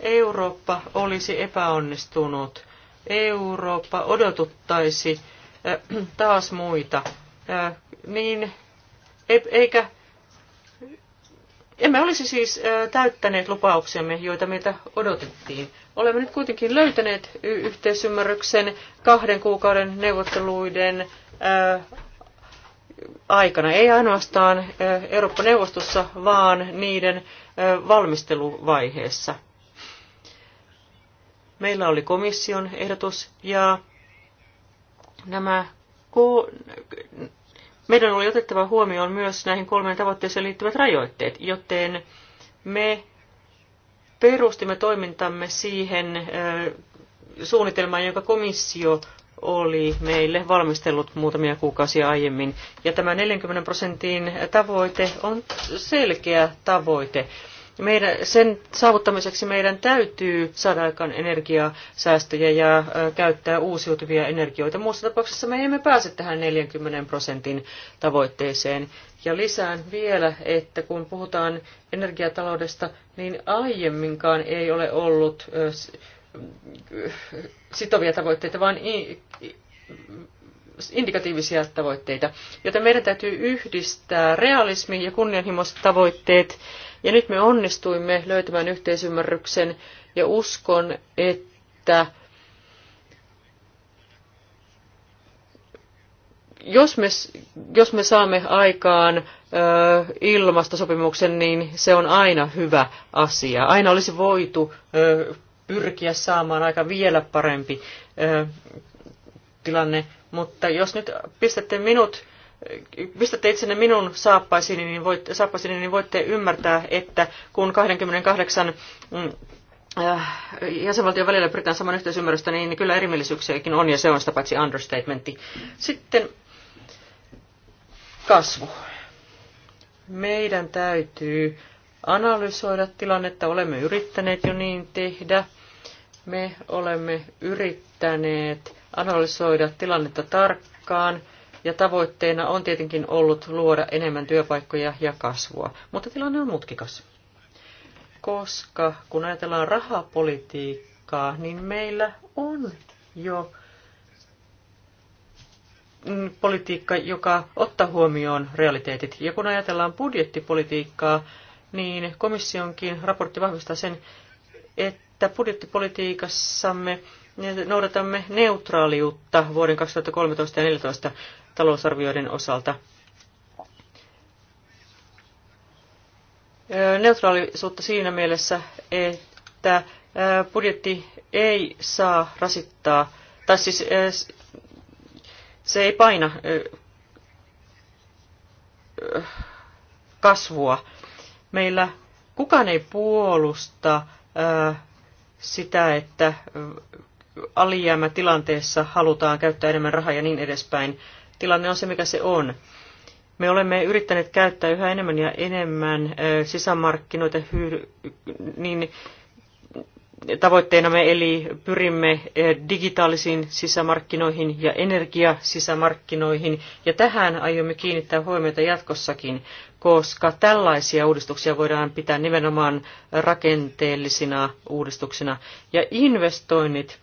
Eurooppa olisi epäonnistunut. Eurooppa odotuttaisi äh, taas muita. Äh, niin, e- eikä emme olisi siis täyttäneet lupauksiamme, joita meiltä odotettiin. Olemme nyt kuitenkin löytäneet yhteisymmärryksen kahden kuukauden neuvotteluiden aikana, ei ainoastaan Eurooppa-neuvostossa, vaan niiden valmisteluvaiheessa. Meillä oli komission ehdotus ja nämä meidän oli otettava huomioon myös näihin kolmeen tavoitteeseen liittyvät rajoitteet, joten me perustimme toimintamme siihen suunnitelmaan, jonka komissio oli meille valmistellut muutamia kuukausia aiemmin. Ja tämä 40 prosentin tavoite on selkeä tavoite. Meidän, sen saavuttamiseksi meidän täytyy saada aikaan energiasäästöjä ja käyttää uusiutuvia energioita. Muussa tapauksessa me emme pääse tähän 40 prosentin tavoitteeseen. Ja lisään vielä, että kun puhutaan energiataloudesta, niin aiemminkaan ei ole ollut sitovia tavoitteita, vaan indikatiivisia tavoitteita. Joten meidän täytyy yhdistää realismi ja kunnianhimoiset tavoitteet ja nyt me onnistuimme löytämään yhteisymmärryksen ja uskon, että jos me, jos me saamme aikaan ö, ilmastosopimuksen, niin se on aina hyvä asia. Aina olisi voitu ö, pyrkiä saamaan aika vielä parempi ö, tilanne, mutta jos nyt pistätte minut pistätte itsenne minun saappaisiini, niin voitte, saappaisiini, niin voitte ymmärtää, että kun 28 mm, äh, jäsenvaltion välillä pyritään saman yhteisymmärrystä, niin kyllä erimielisyyksiäkin on, ja se on sitä paitsi understatementti. Sitten kasvu. Meidän täytyy analysoida tilannetta, olemme yrittäneet jo niin tehdä. Me olemme yrittäneet analysoida tilannetta tarkkaan ja tavoitteena on tietenkin ollut luoda enemmän työpaikkoja ja kasvua, mutta tilanne on mutkikas. Koska kun ajatellaan rahapolitiikkaa, niin meillä on jo mm, politiikka, joka ottaa huomioon realiteetit. Ja kun ajatellaan budjettipolitiikkaa, niin komissionkin raportti vahvistaa sen, että budjettipolitiikassamme noudatamme neutraaliutta vuoden 2013 ja 2014 talousarvioiden osalta. Neutraalisuutta siinä mielessä, että budjetti ei saa rasittaa, tai siis se ei paina kasvua. Meillä kukaan ei puolusta sitä, että alijäämätilanteessa halutaan käyttää enemmän rahaa ja niin edespäin tilanne on se, mikä se on. Me olemme yrittäneet käyttää yhä enemmän ja enemmän sisämarkkinoita niin tavoitteenamme, eli pyrimme digitaalisiin sisämarkkinoihin ja energiasisämarkkinoihin, ja tähän aiomme kiinnittää huomiota jatkossakin, koska tällaisia uudistuksia voidaan pitää nimenomaan rakenteellisina uudistuksina. Ja investoinnit,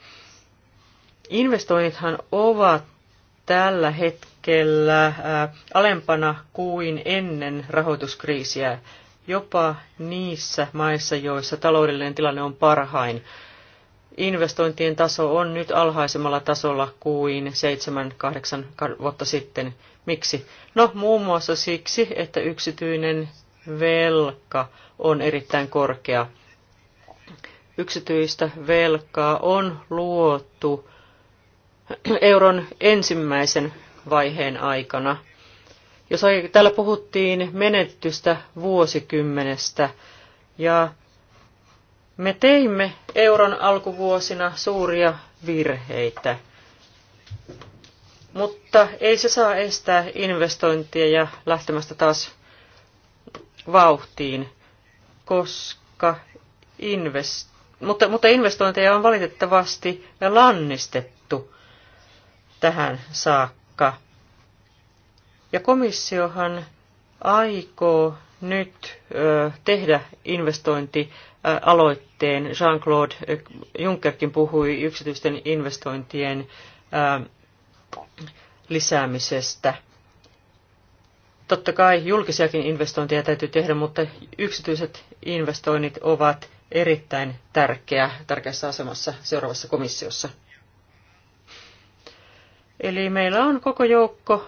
investoinnithan ovat tällä hetkellä äh, alempana kuin ennen rahoituskriisiä, jopa niissä maissa, joissa taloudellinen tilanne on parhain. Investointien taso on nyt alhaisemmalla tasolla kuin 7-8 vuotta sitten. Miksi? No muun muassa siksi, että yksityinen velka on erittäin korkea. Yksityistä velkaa on luotu euron ensimmäisen vaiheen aikana. Jos täällä puhuttiin menetystä vuosikymmenestä ja me teimme euron alkuvuosina suuria virheitä, mutta ei se saa estää investointia ja lähtemästä taas vauhtiin, koska invest... mutta, mutta investointeja on valitettavasti lannistettu tähän saakka. Ja komissiohan aikoo nyt ö, tehdä investointialoitteen. Jean-Claude Junckerkin puhui yksityisten investointien ö, lisäämisestä. Totta kai julkisiakin investointeja täytyy tehdä, mutta yksityiset investoinnit ovat erittäin tärkeä, tärkeässä asemassa seuraavassa komissiossa. Eli meillä on koko joukko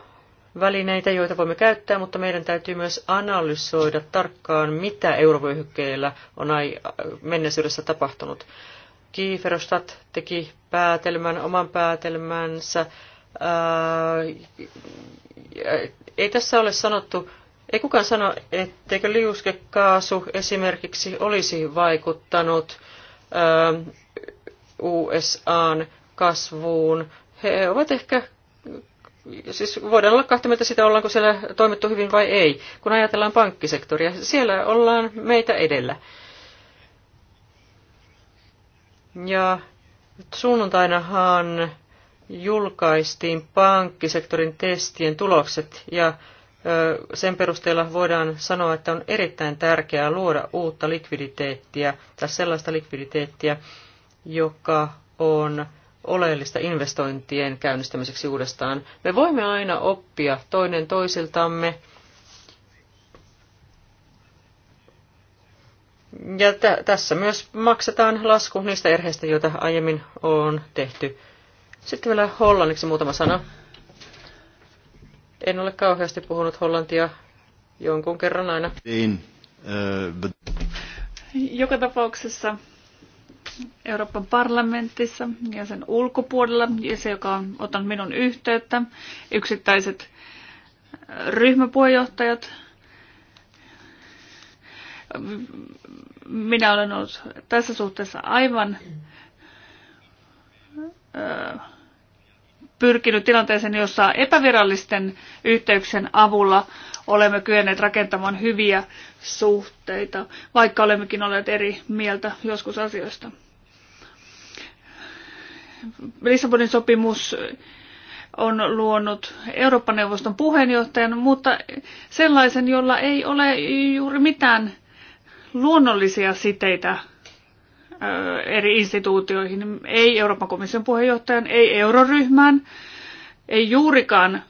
välineitä, joita voimme käyttää, mutta meidän täytyy myös analysoida tarkkaan, mitä eurovyöhykkeillä on ai- menneisyydessä tapahtunut. kiiferostat teki päätelmän, oman päätelmänsä. Ää, ei tässä ole sanottu, ei kukaan sano, etteikö liuskekaasu esimerkiksi olisi vaikuttanut ää, USAn kasvuun he ovat ehkä, siis voidaan olla kahta mieltä sitä, ollaanko siellä toimittu hyvin vai ei, kun ajatellaan pankkisektoria. Siellä ollaan meitä edellä. Ja sunnuntainahan julkaistiin pankkisektorin testien tulokset ja sen perusteella voidaan sanoa, että on erittäin tärkeää luoda uutta likviditeettiä tai sellaista likviditeettiä, joka on oleellista investointien käynnistämiseksi uudestaan. Me voimme aina oppia toinen toisiltamme. Ja t- tässä myös maksetaan lasku niistä erheistä, joita aiemmin on tehty. Sitten vielä hollanniksi muutama sana. En ole kauheasti puhunut hollantia jonkun kerran aina. Niin, Joka tapauksessa Euroopan parlamentissa ja sen ulkopuolella, ja se, joka on ottanut minun yhteyttä, yksittäiset äh, ryhmäpuheenjohtajat. Minä olen ollut tässä suhteessa aivan äh, pyrkinyt tilanteeseen, jossa epävirallisten yhteyksien avulla olemme kyenneet rakentamaan hyviä suhteita, vaikka olemmekin olleet eri mieltä joskus asioista. Lissabonin sopimus on luonut Eurooppa-neuvoston puheenjohtajan, mutta sellaisen, jolla ei ole juuri mitään luonnollisia siteitä eri instituutioihin, ei Euroopan komission puheenjohtajan, ei euroryhmään, ei juurikaan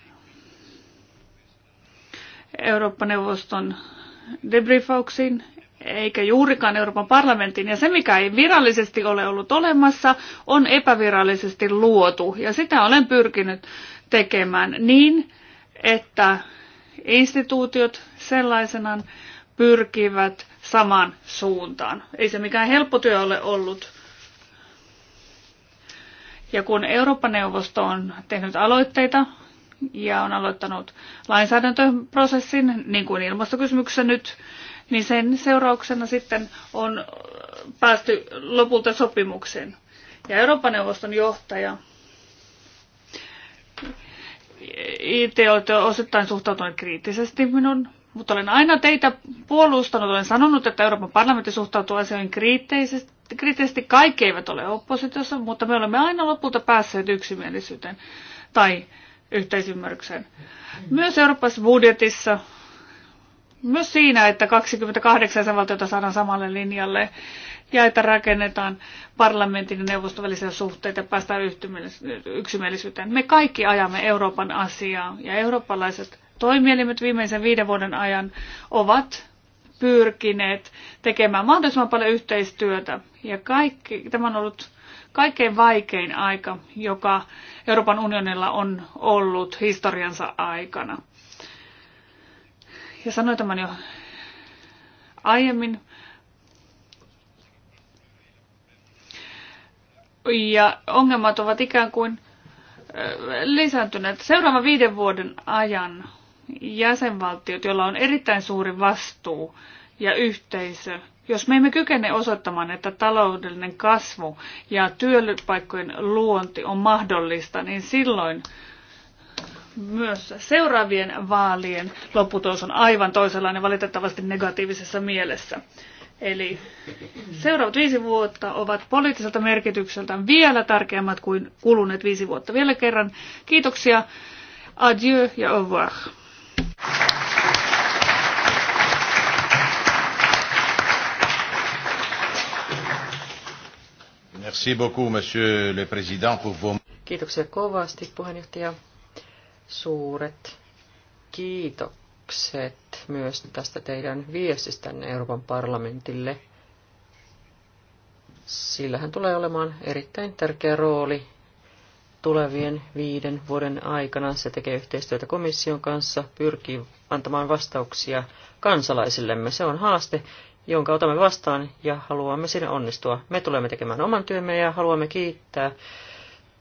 Eurooppa-neuvoston debriefauksiin, eikä juurikaan Euroopan parlamentin. Ja se, mikä ei virallisesti ole ollut olemassa, on epävirallisesti luotu. Ja sitä olen pyrkinyt tekemään niin, että instituutiot sellaisenaan pyrkivät samaan suuntaan. Ei se mikään helppo työ ole ollut. Ja kun Eurooppa-neuvosto on tehnyt aloitteita ja on aloittanut lainsäädäntöprosessin, niin kuin ilmastokysymyksessä nyt, niin sen seurauksena sitten on päästy lopulta sopimukseen. Ja Euroopan neuvoston johtaja IT olette osittain suhtautunut kriittisesti minun, mutta olen aina teitä puolustanut, olen sanonut, että Euroopan parlamentti suhtautuu asioihin kriittisesti, kriittisesti. Kaikki eivät ole oppositiossa, mutta me olemme aina lopulta päässeet yksimielisyyteen tai yhteisymmärrykseen. Myös Euroopassa budjetissa myös siinä, että 28 jäsenvaltiota saadaan samalle linjalle ja että rakennetaan parlamentin ja neuvoston välisiä suhteita ja päästään yksimielisyyteen. Me kaikki ajamme Euroopan asiaa ja eurooppalaiset toimielimet viimeisen viiden vuoden ajan ovat pyrkineet tekemään mahdollisimman paljon yhteistyötä. Ja kaikki, tämä on ollut kaikkein vaikein aika, joka Euroopan unionilla on ollut historiansa aikana ja sanoin tämän jo aiemmin. Ja ongelmat ovat ikään kuin lisääntyneet. Seuraavan viiden vuoden ajan jäsenvaltiot, joilla on erittäin suuri vastuu ja yhteisö, jos me emme kykene osoittamaan, että taloudellinen kasvu ja työpaikkojen luonti on mahdollista, niin silloin myös seuraavien vaalien lopputulos on aivan toisenlainen valitettavasti negatiivisessa mielessä. Eli seuraavat viisi vuotta ovat poliittiselta merkitykseltään vielä tärkeämmät kuin kuluneet viisi vuotta. Vielä kerran kiitoksia, adieu ja au revoir. Merci beaucoup, monsieur le président, pour vos... Kiitoksia kovasti puheenjohtaja Suuret kiitokset myös tästä teidän viestistänne Euroopan parlamentille. Sillähän tulee olemaan erittäin tärkeä rooli tulevien viiden vuoden aikana. Se tekee yhteistyötä komission kanssa, pyrkii antamaan vastauksia kansalaisillemme. Se on haaste, jonka otamme vastaan ja haluamme sinne onnistua. Me tulemme tekemään oman työmme ja haluamme kiittää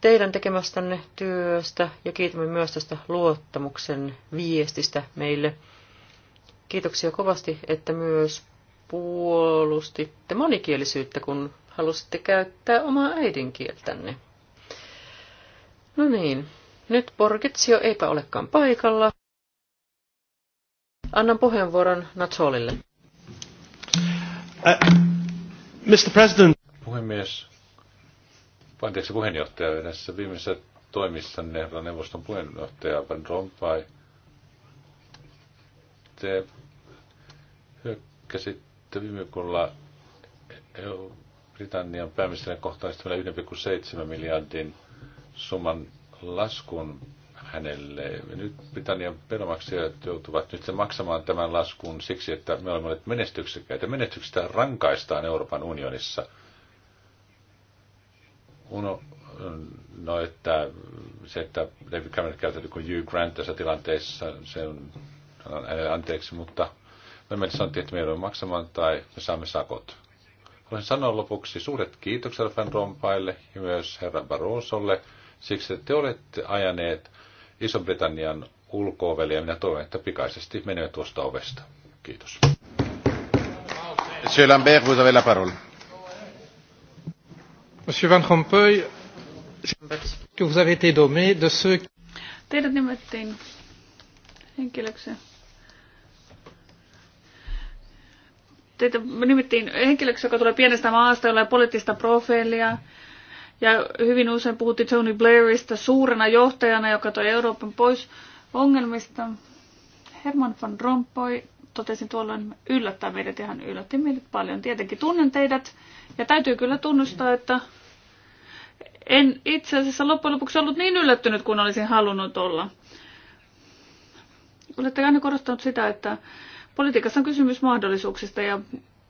teidän tekemästänne työstä ja kiitämme myös tästä luottamuksen viestistä meille. Kiitoksia kovasti, että myös puolustitte monikielisyyttä, kun halusitte käyttää omaa äidinkieltänne. No niin, nyt Borgitsio eipä olekaan paikalla. Annan puheenvuoron Natsolille. Uh, Mr. President. Puhemies, anteeksi puheenjohtaja, näissä viimeisissä toimissa, herra neuvoston puheenjohtaja Van Rompuy, te hyökkäsitte viime kuulla Britannian pääministerin kohtaan 1,7 miljardin summan laskun hänelle. Nyt Britannian veronmaksajat joutuvat nyt maksamaan tämän laskun siksi, että me olemme olleet menestyksekkäitä. Menestyksestä rankaistaan Euroopan unionissa – uno, no, että se, että David Cameron käytetty kuin Hugh Grant tässä tilanteessa, se on, hänelle äh, anteeksi, mutta me meille sanottiin, että me joudumme maksamaan tai me saamme sakot. Haluaisin sanoa lopuksi suuret kiitokset Van Rompaille ja myös herra Barrosolle siksi, että te olette ajaneet Iso-Britannian ulko ja minä toivon, että pikaisesti menee tuosta ovesta. Kiitos. Monsieur Lambert, vous avez la parole. Monsieur Van Rompuy, que vous avez été nommé de ceux... Teidät nimettiin henkilöksi. Teitä nimettiin henkilöksi, joka tulee pienestä maasta, jolla on poliittista profiilia. Ja hyvin usein puhuttiin Tony Blairista suurena johtajana, joka toi Euroopan pois ongelmista. Herman van Rompuy totesin tuolloin, yllättää meidät ihan yllätti meidät paljon. Tietenkin tunnen teidät ja täytyy kyllä tunnustaa, että en itse asiassa loppujen lopuksi ollut niin yllättynyt kuin olisin halunnut olla. Olette aina korostanut sitä, että politiikassa on kysymys mahdollisuuksista ja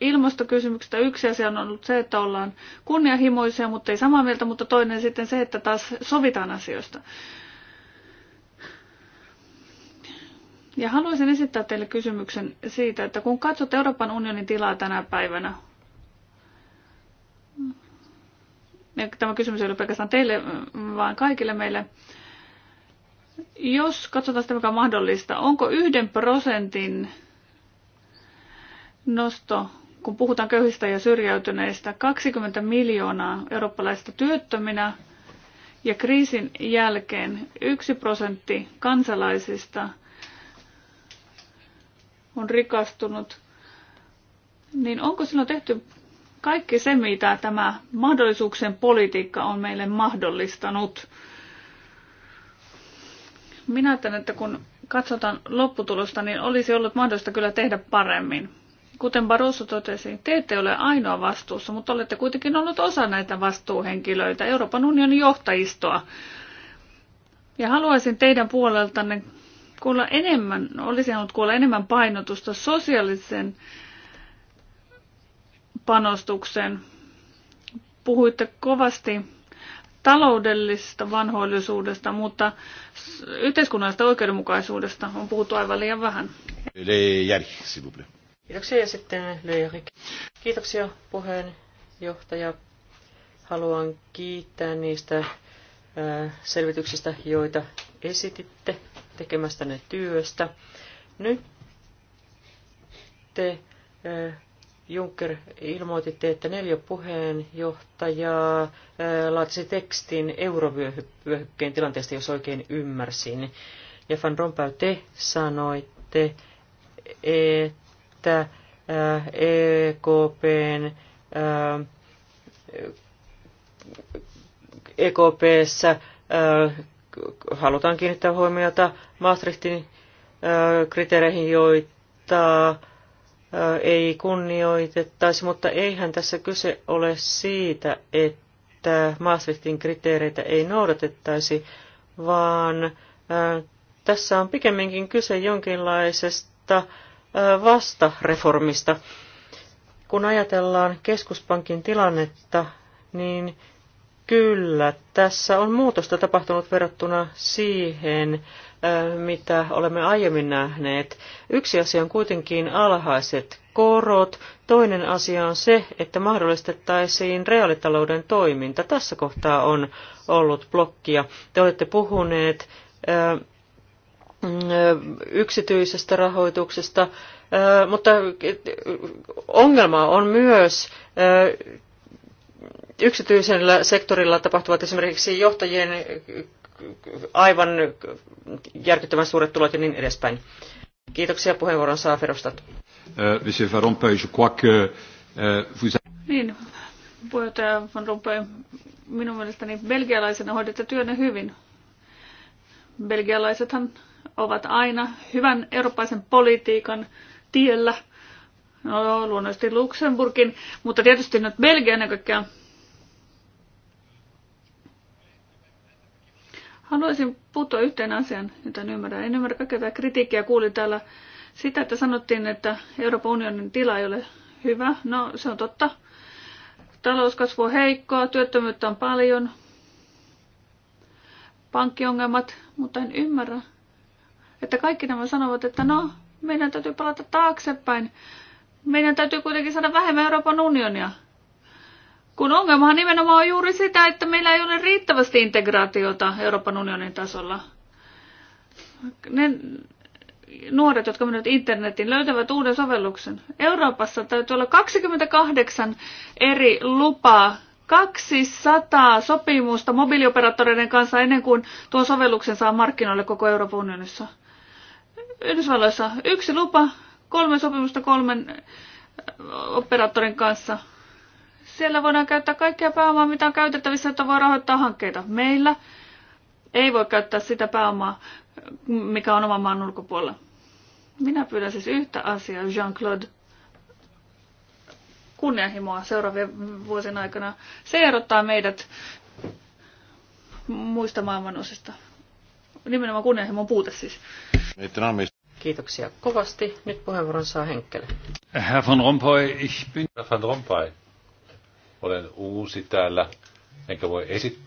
ilmastokysymyksistä. yksi asia on ollut se, että ollaan kunnianhimoisia, mutta ei samaa mieltä, mutta toinen sitten se, että taas sovitaan asioista. Ja haluaisin esittää teille kysymyksen siitä, että kun katsot Euroopan unionin tilaa tänä päivänä, ja tämä kysymys ei ole pelkästään teille, vaan kaikille meille, jos katsotaan sitä, mikä on mahdollista, onko yhden prosentin nosto, kun puhutaan köyhistä ja syrjäytyneistä, 20 miljoonaa eurooppalaista työttöminä ja kriisin jälkeen yksi prosentti kansalaisista on rikastunut, niin onko silloin tehty kaikki se, mitä tämä mahdollisuuksien politiikka on meille mahdollistanut? Minä ajattelen, että kun katsotaan lopputulosta, niin olisi ollut mahdollista kyllä tehdä paremmin. Kuten Barroso totesi, te ette ole ainoa vastuussa, mutta olette kuitenkin ollut osa näitä vastuuhenkilöitä, Euroopan unionin johtajistoa. Ja haluaisin teidän puoleltanne kuulla enemmän, olisi halunnut kuulla enemmän painotusta sosiaalisen panostuksen. Puhuitte kovasti taloudellisesta vanhoillisuudesta, mutta yhteiskunnallisesta oikeudenmukaisuudesta on puhuttu aivan liian vähän. Kiitoksia ja sitten Leijarik. Kiitoksia puheenjohtaja. Haluan kiittää niistä äh, selvityksistä, joita esititte tekemästänne työstä. Nyt te Juncker ilmoititte, että neljä puheenjohtajaa laatisi tekstin eurovyöhykkeen tilanteesta, jos oikein ymmärsin. Ja Van Rompuy, te sanoitte, että EKPn EKPssä halutaan kiinnittää huomiota Maastrichtin kriteereihin, joita ei kunnioitettaisi, mutta eihän tässä kyse ole siitä, että Maastrichtin kriteereitä ei noudatettaisi, vaan tässä on pikemminkin kyse jonkinlaisesta vastareformista. Kun ajatellaan keskuspankin tilannetta, niin Kyllä, tässä on muutosta tapahtunut verrattuna siihen, mitä olemme aiemmin nähneet. Yksi asia on kuitenkin alhaiset korot, toinen asia on se, että mahdollistettaisiin reaalitalouden toiminta. Tässä kohtaa on ollut blokkia. Te olette puhuneet yksityisestä rahoituksesta, mutta ongelma on myös yksityisellä sektorilla tapahtuvat esimerkiksi johtajien aivan järkyttävän suuret tulot ja niin edespäin. Kiitoksia puheenvuoron saa Ferostat. Euh, euh, niin, puheenjohtaja Van Rompuy, minun mielestäni belgialaisena hoidatte työnne hyvin. Belgialaisethan ovat aina hyvän eurooppaisen politiikan tiellä – No luonnollisesti Luxemburgin, mutta tietysti nyt Belgia ennen kaikkea. Haluaisin puuttua yhteen asian, jota en ymmärrä. En ymmärrä kaikkea tätä kritiikkiä. Kuulin täällä sitä, että sanottiin, että Euroopan unionin tila ei ole hyvä. No, se on totta. Talouskasvu on heikkoa, työttömyyttä on paljon, pankkiongelmat, mutta en ymmärrä, että kaikki nämä sanovat, että no, meidän täytyy palata taaksepäin meidän täytyy kuitenkin saada vähemmän Euroopan unionia. Kun ongelmahan nimenomaan on juuri sitä, että meillä ei ole riittävästi integraatiota Euroopan unionin tasolla. Ne nuoret, jotka menevät internetin, löytävät uuden sovelluksen. Euroopassa täytyy olla 28 eri lupaa, 200 sopimusta mobiilioperaattoreiden kanssa ennen kuin tuo sovelluksen saa markkinoille koko Euroopan unionissa. Yhdysvalloissa yksi lupa, kolme sopimusta kolmen operaattorin kanssa. Siellä voidaan käyttää kaikkea pääomaa, mitä on käytettävissä, että voi rahoittaa hankkeita. Meillä ei voi käyttää sitä pääomaa, mikä on oman maan ulkopuolella. Minä pyydän siis yhtä asiaa, Jean-Claude. Kunnianhimoa seuraavien vuosien aikana. Se erottaa meidät muista maailmanosista. Nimenomaan kunnianhimon puute siis. Kiitoksia kovasti. Nyt puheenvuoron saa Henkkele. Herr van Rompuy, ich bin... Herr von Rompuy, olen uusi täällä, enkä voi esi-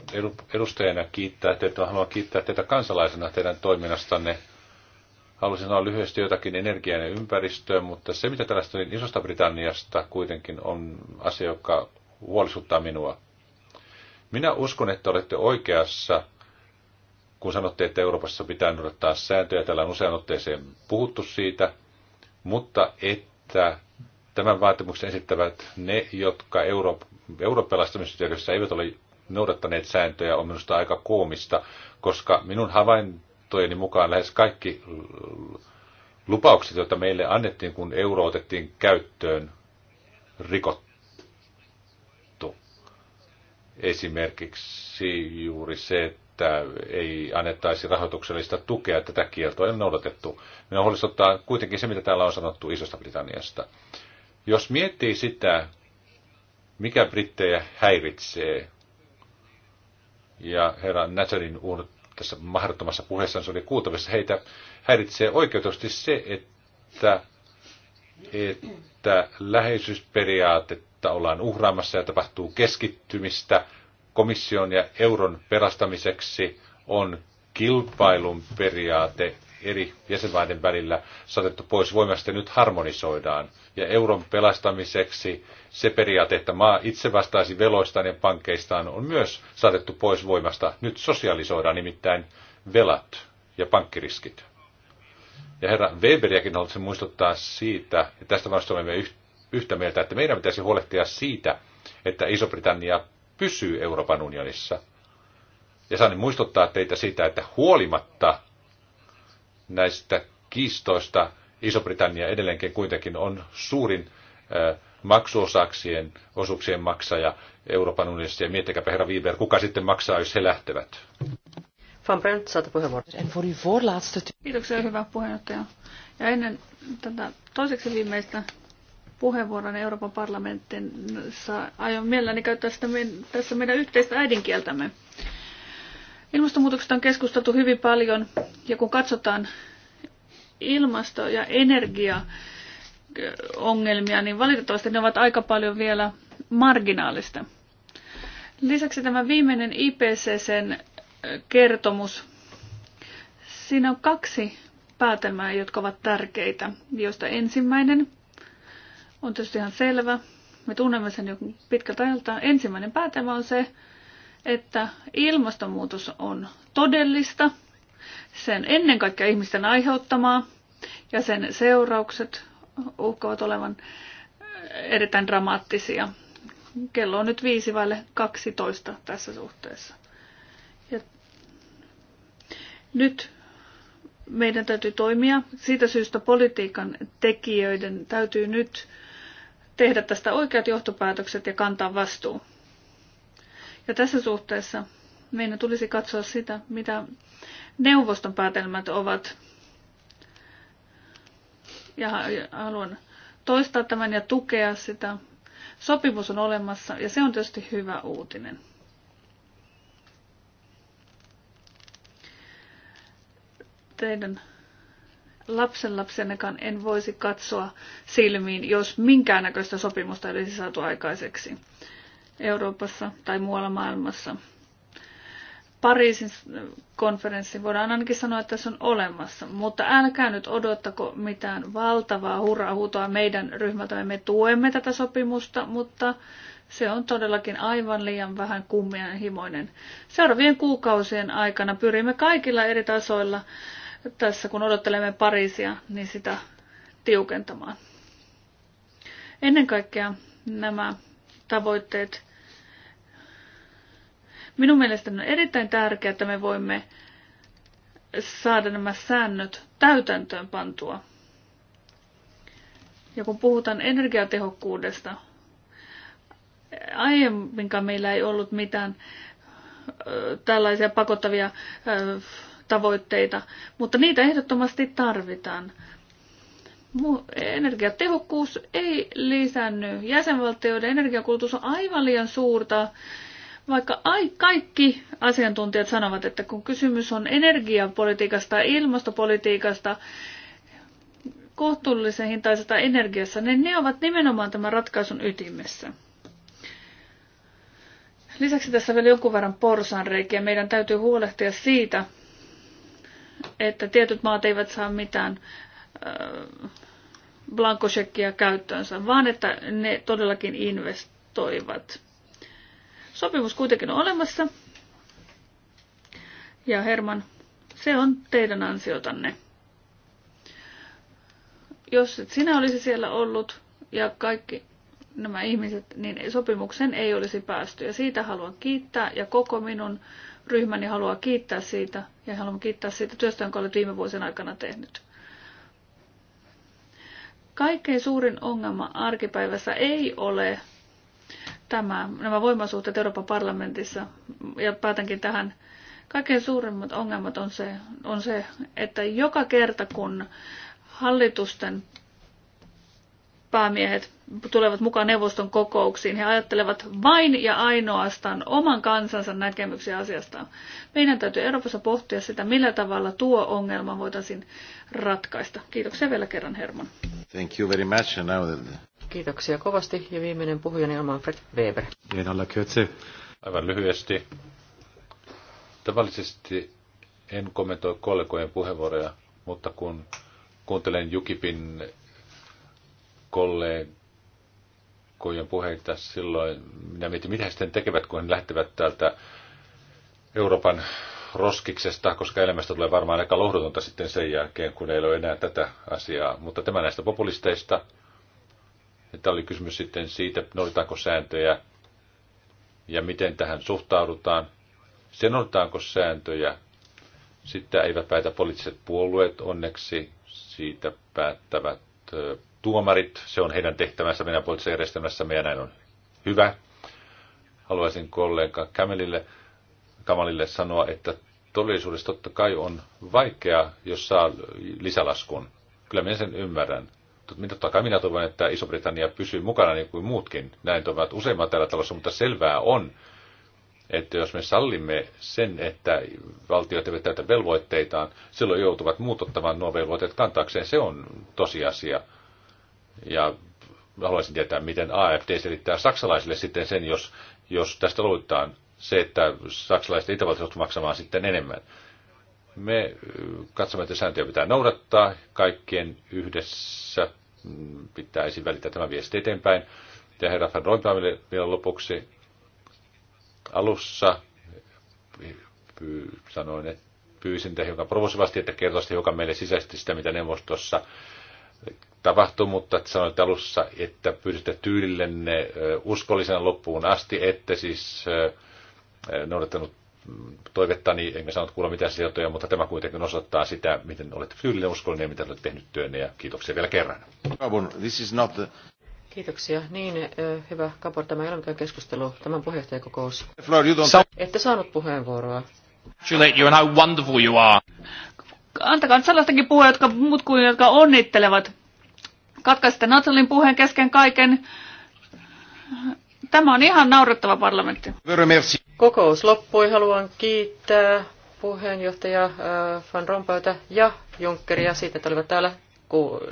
edustajana kiittää teitä, haluan kiittää teitä kansalaisena teidän toiminnastanne. Haluaisin sanoa lyhyesti jotakin energiaa ja ympäristöön, mutta se mitä tällaista niin isosta Britanniasta kuitenkin on asia, joka huolisuttaa minua. Minä uskon, että olette oikeassa kun sanotte, että Euroopassa pitää noudattaa sääntöjä, täällä on usean otteeseen puhuttu siitä, mutta että tämän vaatimuksen esittävät ne, jotka Euro- eurooppalaistamisyhteydessä eivät ole noudattaneet sääntöjä, on minusta aika koomista, koska minun havaintojeni mukaan lähes kaikki lupaukset, joita meille annettiin, kun euro otettiin käyttöön, rikottu. Esimerkiksi juuri se, että että ei annettaisi rahoituksellista tukea, tätä kieltoa ei ole noudatettu. Minä huolestuttaa kuitenkin se, mitä täällä on sanottu Isosta Britanniasta. Jos miettii sitä, mikä brittejä häiritsee, ja herra Nathalin uunut tässä mahdottomassa se oli kuultavissa, heitä häiritsee oikeutusti se, että, että läheisyysperiaatetta ollaan uhraamassa ja tapahtuu keskittymistä – komission ja euron pelastamiseksi on kilpailun periaate eri jäsenmaiden välillä saatettu pois voimasta nyt harmonisoidaan. Ja euron pelastamiseksi se periaate, että maa itse vastaisi veloistaan ja pankkeistaan, on myös saatettu pois voimasta. Nyt sosialisoidaan nimittäin velat ja pankkiriskit. Ja herra Weberiäkin haluaisin muistuttaa siitä, että tästä vasta olemme yhtä mieltä, että meidän pitäisi huolehtia siitä, että Iso-Britannia pysyy Euroopan unionissa. Ja saan muistuttaa teitä siitä, että huolimatta näistä kiistoista Iso-Britannia edelleenkin kuitenkin on suurin maksuosaksien osuuksien maksaja Euroopan unionissa. Ja miettikääpä herra Wieber, kuka sitten maksaa, jos he lähtevät. Van Brent, saatte puheenvuoron. Kiitoksia, hyvä puheenjohtaja. Ja ennen tätä toiseksi viimeistä puheenvuoron Euroopan parlamentissa. Aion mielelläni käyttää sitä tässä meidän yhteistä äidinkieltämme. Ilmastonmuutoksesta on keskusteltu hyvin paljon ja kun katsotaan ilmasto- ja energiaongelmia, niin valitettavasti ne ovat aika paljon vielä marginaalista. Lisäksi tämä viimeinen ipcc kertomus, siinä on kaksi päätelmää, jotka ovat tärkeitä, joista ensimmäinen – on tietysti ihan selvä. Me tunnemme sen jo pitkältä ajalta. Ensimmäinen päätelmä on se, että ilmastonmuutos on todellista, sen ennen kaikkea ihmisten aiheuttamaa ja sen seuraukset uhkaavat olevan erittäin dramaattisia. Kello on nyt viisi vaille 12 tässä suhteessa. Ja nyt meidän täytyy toimia. Siitä syystä politiikan tekijöiden täytyy nyt tehdä tästä oikeat johtopäätökset ja kantaa vastuu. Ja tässä suhteessa meidän tulisi katsoa sitä, mitä neuvoston päätelmät ovat. Ja haluan toistaa tämän ja tukea sitä. Sopimus on olemassa ja se on tietysti hyvä uutinen. Teidän lapsenlapsenekaan en voisi katsoa silmiin, jos minkäännäköistä sopimusta olisi saatu aikaiseksi Euroopassa tai muualla maailmassa. Pariisin konferenssi voidaan ainakin sanoa, että se on olemassa, mutta älkää nyt odottako mitään valtavaa hurrahuutoa meidän ryhmältämme. Me tuemme tätä sopimusta, mutta se on todellakin aivan liian vähän kummianhimoinen. Seuraavien kuukausien aikana pyrimme kaikilla eri tasoilla tässä kun odottelemme Pariisia, niin sitä tiukentamaan. Ennen kaikkea nämä tavoitteet. Minun mielestäni on erittäin tärkeää, että me voimme saada nämä säännöt täytäntöön pantua. Ja kun puhutaan energiatehokkuudesta, aiemminkaan meillä ei ollut mitään tällaisia pakottavia tavoitteita, mutta niitä ehdottomasti tarvitaan. Energiatehokkuus ei lisänny. Jäsenvaltioiden energiakulutus on aivan liian suurta, vaikka ai, kaikki asiantuntijat sanovat, että kun kysymys on energiapolitiikasta ja ilmastopolitiikasta, kohtuullisen hintaisesta energiassa, niin ne ovat nimenomaan tämän ratkaisun ytimessä. Lisäksi tässä vielä jonkun verran porsaanreikiä. Meidän täytyy huolehtia siitä, että tietyt maat eivät saa mitään blankosekkiä käyttöönsä, vaan että ne todellakin investoivat. Sopimus kuitenkin on olemassa. Ja Herman, se on teidän ansiotanne. Jos et sinä olisi siellä ollut ja kaikki nämä ihmiset, niin sopimukseen ei olisi päästy. Ja siitä haluan kiittää ja koko minun ryhmäni haluaa kiittää siitä ja haluan kiittää siitä työstä, jonka olet viime vuosien aikana tehnyt. Kaikkein suurin ongelma arkipäivässä ei ole tämä, nämä voimasuhteet Euroopan parlamentissa, ja päätänkin tähän, kaikkein suurimmat ongelmat on se, on se, että joka kerta kun hallitusten päämiehet tulevat mukaan neuvoston kokouksiin. He ajattelevat vain ja ainoastaan oman kansansa näkemyksiä asiasta. Meidän täytyy Euroopassa pohtia sitä, millä tavalla tuo ongelma voitaisiin ratkaista. Kiitoksia vielä kerran Herman. Thank you very much. Now Kiitoksia kovasti ja viimeinen puhuja on Manfred Weber. Niin, Aivan lyhyesti. Tavallisesti en kommentoi kollegojen puheenvuoroja, mutta kun kuuntelen Jukipin kollegojen puheita silloin. Minä mietin, mitä he sitten tekevät, kun he lähtevät täältä Euroopan roskiksesta, koska elämästä tulee varmaan aika lohdutonta sitten sen jälkeen, kun ei ole enää tätä asiaa. Mutta tämä näistä populisteista, että oli kysymys sitten siitä, noudataanko sääntöjä ja miten tähän suhtaudutaan. Se noudataanko sääntöjä, Sitten eivät päätä poliittiset puolueet onneksi, siitä päättävät tuomarit. Se on heidän tehtävänsä meidän poliittisessa järjestelmässämme ja näin on hyvä. Haluaisin kollega Kamelille, Kamalille sanoa, että todellisuudessa totta kai on vaikea, jos saa lisälaskun. Kyllä minä sen ymmärrän. Mutta totta kai minä toivon, että Iso-Britannia pysyy mukana niin kuin muutkin. Näin toivat useimmat täällä talossa, mutta selvää on, että jos me sallimme sen, että valtiot eivät täytä velvoitteitaan, silloin joutuvat muut ottamaan nuo velvoitteet kantaakseen. Se on tosiasia. Ja haluaisin tietää, miten AFD selittää saksalaisille sitten sen, jos, jos tästä luvutaan se, että saksalaiset ja itävaltaiset maksamaan sitten enemmän. Me katsomme, että sääntöjä pitää noudattaa, kaikkien yhdessä mm, pitäisi välittää tämä viesti eteenpäin. Ja herra Van Rompuylle vielä lopuksi alussa sanoin, että pyysin te hiukan provosivasti, että kertoisitte hiukan meille sisäisesti sitä, mitä neuvostossa tapahtui, mutta sanoit alussa, että pysytte tyylillenne uskollisena loppuun asti, ette siis noudattanut toivettani, enkä saanut kuulla mitään sieltoja, mutta tämä kuitenkin osoittaa sitä, miten olette tyylinen uskollinen ja mitä olette tehnyt työnne, ja kiitoksia vielä kerran. Kiitoksia. Niin, hyvä Kapor, tämä ei ole mikään keskustelu, tämän puheenjohtajakokous. Fleur, you don't... Ette saanut puheenvuoroa. You and how wonderful you are. Antakaa sellaistakin puhua, jotka muut kuin jotka onnittelevat. Katkaisitte Natalin puheen kesken kaiken. Tämä on ihan naurettava parlamentti. Kokous loppui. Haluan kiittää puheenjohtaja äh, Van Rompuyta ja Junckeria siitä, että olivat täällä.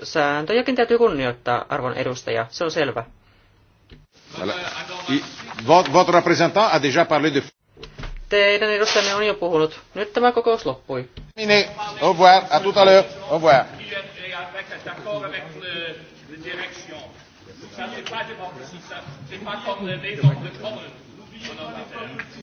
Sääntöjäkin täytyy kunnioittaa, arvon edustaja. Se on selvä. Teidän edustajanne on jo puhunut. Nyt tämä kokous loppui. Au revoir, à tout à l'heure. Au revoir avec cet accord avec le, les direction. Ça, c'est pas démocratie, ça, c'est pas comme les, comme le common. N'oubliez pas